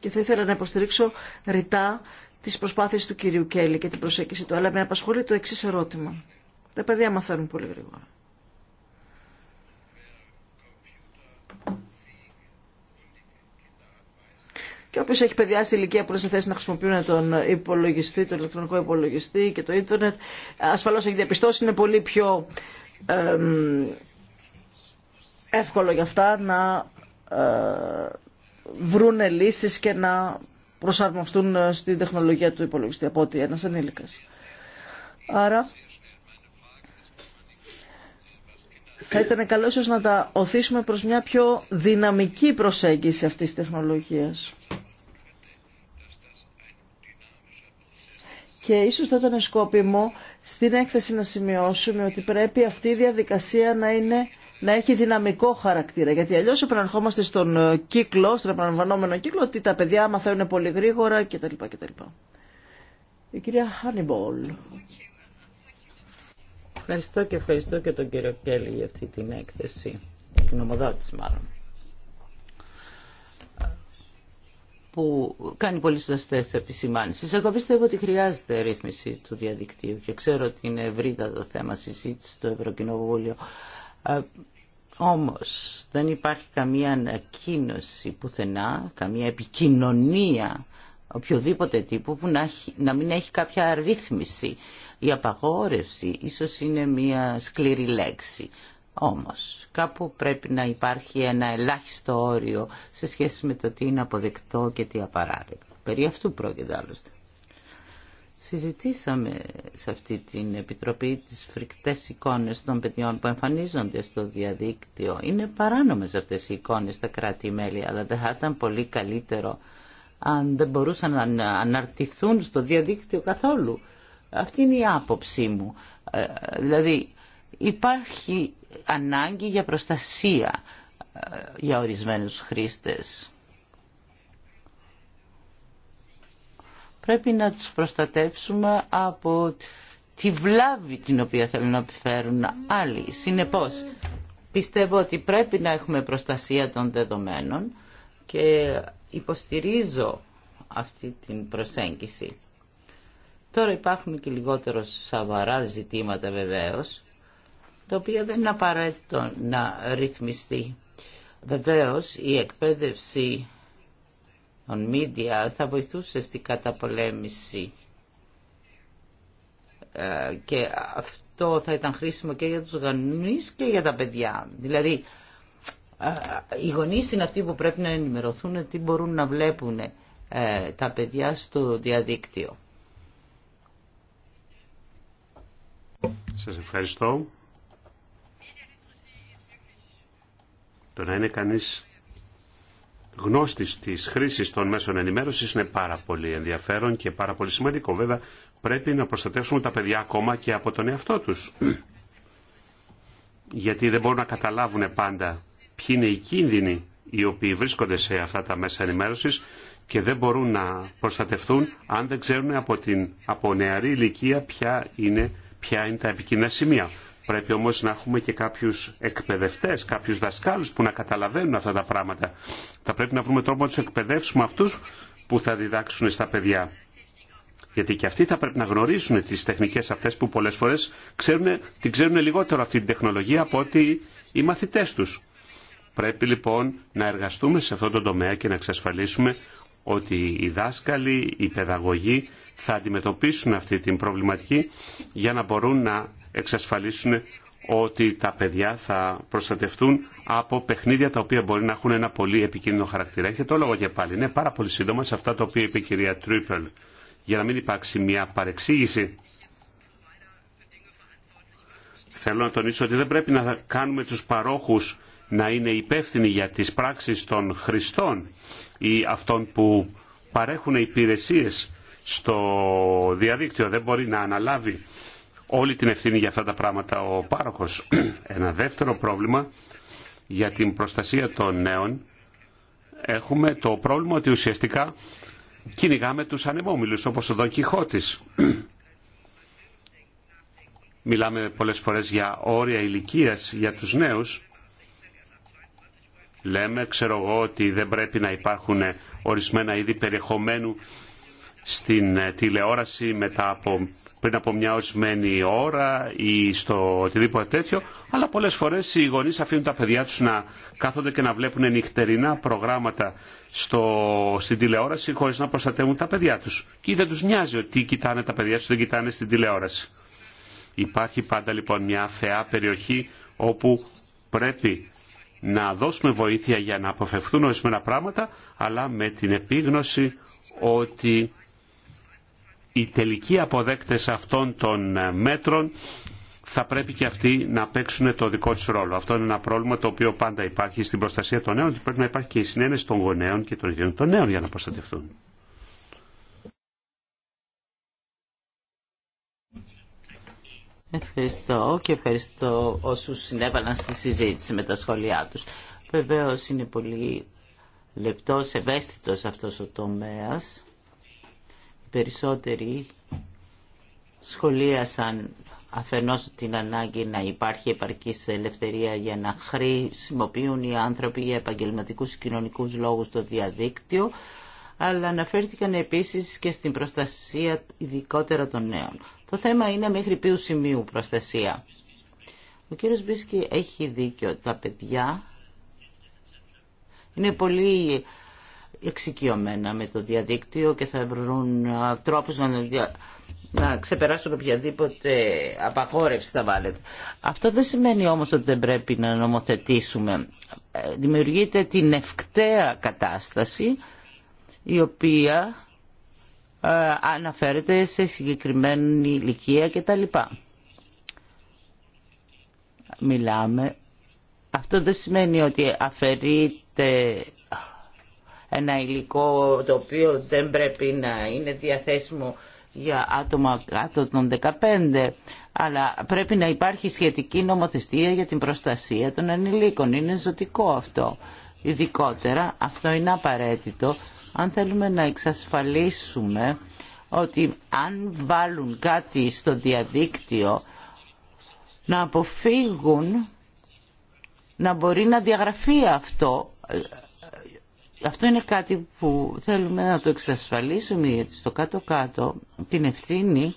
και θα ήθελα να υποστηρίξω ρητά τι προσπάθειε του κυρίου Κέλλη και την προσέγγιση του. Αλλά με απασχολεί το εξής ερώτημα. Τα παιδιά μαθαίνουν πολύ γρήγορα. Και όποιο έχει παιδιά στην ηλικία που είναι σε θέση να χρησιμοποιούν τον υπολογιστή, τον ηλεκτρονικό υπολογιστή και το ίντερνετ, ασφαλώ έχει διαπιστώσει είναι πολύ πιο εύκολο για αυτά να ε, βρούνε λύσεις και να προσαρμοστούν ε, στην τεχνολογία του υπολογιστή από ότι ένας ανήλικας. Άρα θα ήταν καλό να τα οθήσουμε προς μια πιο δυναμική προσέγγιση αυτής της τεχνολογίας. Και ίσως θα ήταν σκόπιμο στην έκθεση να σημειώσουμε ότι πρέπει αυτή η διαδικασία να είναι να έχει δυναμικό χαρακτήρα. Γιατί αλλιώ επαναρχόμαστε στον ε, κύκλο, στον επαναλαμβανόμενο κύκλο, ότι τα παιδιά μαθαίνουν πολύ γρήγορα κτλ. κτλ. Η κυρία Χάνιμπολ. Ευχαριστώ και ευχαριστώ και τον κύριο Κέλλη για αυτή την έκθεση, γνωμοδότηση μάλλον, που κάνει πολύ σωστέ επισημάνσει. Εγώ πιστεύω ότι χρειάζεται ρύθμιση του διαδικτύου και ξέρω ότι είναι ευρύτατο θέμα συζήτηση στο Ευρωκοινοβούλιο. Ε, όμως δεν υπάρχει καμία ανακοίνωση πουθενά, καμία επικοινωνία οποιοδήποτε τύπου που να, να μην έχει κάποια αρρύθμιση. Η απαγόρευση ίσως είναι μια σκληρή λέξη. Όμως κάπου πρέπει να υπάρχει ένα ελάχιστο όριο σε σχέση με το τι είναι αποδεκτό και τι απαράδεκτο. Περί αυτού πρόκειται άλλωστε συζητήσαμε σε αυτή την Επιτροπή τις φρικτές εικόνες των παιδιών που εμφανίζονται στο διαδίκτυο. Είναι παράνομες αυτές οι εικόνες στα κράτη-μέλη, αλλά δεν θα ήταν πολύ καλύτερο αν δεν μπορούσαν να αναρτηθούν στο διαδίκτυο καθόλου. Αυτή είναι η άποψή μου. Ε, δηλαδή υπάρχει ανάγκη για προστασία ε, για ορισμένους χρήστες. πρέπει να τους προστατεύσουμε από τη βλάβη την οποία θέλουν να επιφέρουν άλλοι. Συνεπώς, πιστεύω ότι πρέπει να έχουμε προστασία των δεδομένων και υποστηρίζω αυτή την προσέγγιση. Τώρα υπάρχουν και λιγότερο σαβαρά ζητήματα βεβαίως, τα οποία δεν είναι απαραίτητο να ρυθμιστεί. Βεβαίως η εκπαίδευση on media θα βοηθούσε στην καταπολέμηση ε, και αυτό θα ήταν χρήσιμο και για τους γονείς και για τα παιδιά. Δηλαδή, ε, οι γονείς είναι αυτοί που πρέπει να ενημερωθούν τι μπορούν να βλέπουν ε, τα παιδιά στο διαδίκτυο. Σας ευχαριστώ. Το να είναι γνώστης της χρήσης των μέσων ενημέρωσης είναι πάρα πολύ ενδιαφέρον και πάρα πολύ σημαντικό. Βέβαια πρέπει να προστατεύσουμε τα παιδιά ακόμα και από τον εαυτό τους. Γιατί δεν μπορούν να καταλάβουν πάντα ποιοι είναι οι κίνδυνοι οι οποίοι βρίσκονται σε αυτά τα μέσα ενημέρωσης και δεν μπορούν να προστατευτούν αν δεν ξέρουν από, την, από νεαρή ηλικία ποια είναι, τα επικοινά σημεία. Πρέπει όμως να έχουμε και κάποιους εκπαιδευτές, κάποιους δασκάλους που να καταλαβαίνουν αυτά τα πράγματα. Θα πρέπει να βρούμε τρόπο να τους εκπαιδεύσουμε αυτούς που θα διδάξουν στα παιδιά. Γιατί και αυτοί θα πρέπει να γνωρίσουν τις τεχνικές αυτές που πολλές φορές ξέρουν, την ξέρουν λιγότερο αυτή την τεχνολογία από ότι οι μαθητές τους. Πρέπει λοιπόν να εργαστούμε σε αυτό το τομέα και να εξασφαλίσουμε ότι οι δάσκαλοι, οι παιδαγωγοί θα αντιμετωπίσουν αυτή την προβληματική για να μπορούν να εξασφαλίσουν ότι τα παιδιά θα προστατευτούν από παιχνίδια τα οποία μπορεί να έχουν ένα πολύ επικίνδυνο χαρακτήρα. Έχετε το λόγο και πάλι. Είναι πάρα πολύ σύντομα σε αυτά τα οποία είπε η κυρία Τρίπελ. Για να μην υπάρξει μια παρεξήγηση, θέλω να τονίσω ότι δεν πρέπει να κάνουμε τους παρόχους να είναι υπεύθυνοι για τις πράξεις των χρηστών ή αυτών που παρέχουν υπηρεσίες στο διαδίκτυο. Δεν μπορεί να αναλάβει όλη την ευθύνη για αυτά τα πράγματα ο πάροχος. Ένα δεύτερο πρόβλημα για την προστασία των νέων έχουμε το πρόβλημα ότι ουσιαστικά κυνηγάμε τους ανεμόμυλους όπως ο Δον Κιχώτης. Μιλάμε πολλές φορές για όρια ηλικίας για τους νέους. Λέμε, ξέρω εγώ, ότι δεν πρέπει να υπάρχουν ορισμένα είδη περιεχομένου στην ε, τηλεόραση μετά από πριν από μια ορισμένη ώρα ή στο οτιδήποτε τέτοιο, αλλά πολλέ φορέ οι γονείς αφήνουν τα παιδιά του να κάθονται και να βλέπουν νυχτερινά προγράμματα στο, στην τηλεόραση χωρί να προστατεύουν τα παιδιά του Και δεν του νοιάζει ότι κοιτάνε τα παιδιά τους, δεν κοιτάνε στην τηλεόραση. Υπάρχει πάντα λοιπόν μια θεά περιοχή όπου πρέπει να δώσουμε βοήθεια για να αποφευθούν ορισμένα πράγματα, αλλά με την επίγνωση ότι οι τελικοί αποδέκτες αυτών των ε, μέτρων θα πρέπει και αυτοί να παίξουν το δικό τους ρόλο. Αυτό είναι ένα πρόβλημα το οποίο πάντα υπάρχει στην προστασία των νέων και πρέπει να υπάρχει και η συνένεση των γονέων και των ίδιων των νέων για να προστατευτούν. Ευχαριστώ και ευχαριστώ όσους συνέβαλαν στη συζήτηση με τα σχόλιά τους. Βεβαίως είναι πολύ λεπτός, ευαίσθητος αυτός ο τομέας περισσότεροι σχολίασαν αφενός την ανάγκη να υπάρχει επαρκής ελευθερία για να χρησιμοποιούν οι άνθρωποι για επαγγελματικούς και κοινωνικούς λόγους το διαδίκτυο, αλλά αναφέρθηκαν επίσης και στην προστασία ειδικότερα των νέων. Το θέμα είναι μέχρι ποιου σημείου προστασία. Ο κύριος Μπίσκι έχει δίκιο. Τα παιδιά είναι πολύ εξοικειωμένα με το διαδίκτυο και θα βρουν ε, τρόπους να, να ξεπεράσουν οποιαδήποτε απαγόρευση θα βάλετε. Αυτό δεν σημαίνει όμως ότι δεν πρέπει να νομοθετήσουμε. Ε, δημιουργείται την ευκταία κατάσταση η οποία ε, αναφέρεται σε συγκεκριμένη ηλικία κτλ. Μιλάμε. Αυτό δεν σημαίνει ότι αφαιρείται ένα υλικό το οποίο δεν πρέπει να είναι διαθέσιμο για άτομα κάτω των 15, αλλά πρέπει να υπάρχει σχετική νομοθεσία για την προστασία των ανηλίκων. Είναι ζωτικό αυτό. Ειδικότερα αυτό είναι απαραίτητο αν θέλουμε να εξασφαλίσουμε ότι αν βάλουν κάτι στο διαδίκτυο να αποφύγουν να μπορεί να διαγραφεί αυτό ε, αυτό είναι κάτι που θέλουμε να το εξασφαλίσουμε γιατί στο κάτω-κάτω την ευθύνη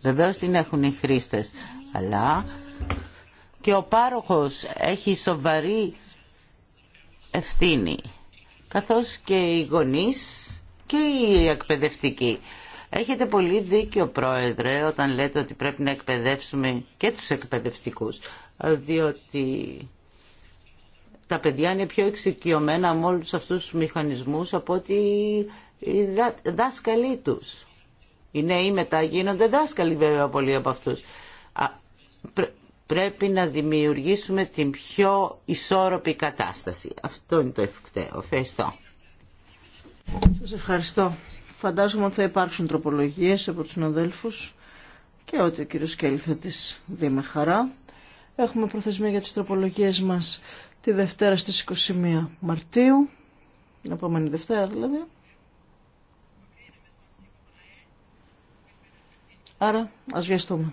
βεβαίω την έχουν οι χρήστες αλλά και ο πάροχος έχει σοβαρή ευθύνη καθώς και οι γονείς και οι εκπαιδευτικοί. Έχετε πολύ δίκιο πρόεδρε όταν λέτε ότι πρέπει να εκπαιδεύσουμε και τους εκπαιδευτικούς διότι τα παιδιά είναι πιο εξοικειωμένα με όλους αυτούς τους μηχανισμούς από ότι οι δάσκαλοι τους. Οι νέοι μετά γίνονται δάσκαλοι βέβαια πολλοί από αυτούς. Πρέπει να δημιουργήσουμε την πιο ισόρροπη κατάσταση. Αυτό είναι το ευκταίο. Ευχαριστώ. Σας ευχαριστώ. Φαντάζομαι ότι θα υπάρξουν τροπολογίες από τους συναδέλφους και ότι ο κύριος Σκέλη θα τις δει με χαρά. Έχουμε προθεσμία για τις τροπολογίες μας τη Δευτέρα στις 21 Μαρτίου, την επόμενη Δευτέρα δηλαδή. Άρα, ας βιαστούμε.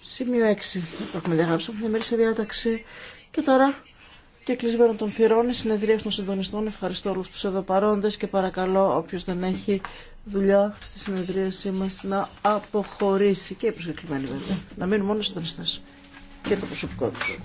Σημείο 6. Έχουμε διαγράψει από την ημέρη σε διάταξη. Και τώρα, και κλεισμένο των θυρών, η συνεδρία των συντονιστών. Ευχαριστώ όλους τους εδώ παρόντες και παρακαλώ όποιος δεν έχει δουλειά στη συνεδρίασή μας να αποχωρήσει και οι προσκεκλημένοι βέβαια. Να μείνουν μόνο οι συντονιστές και το προσωπικό τους.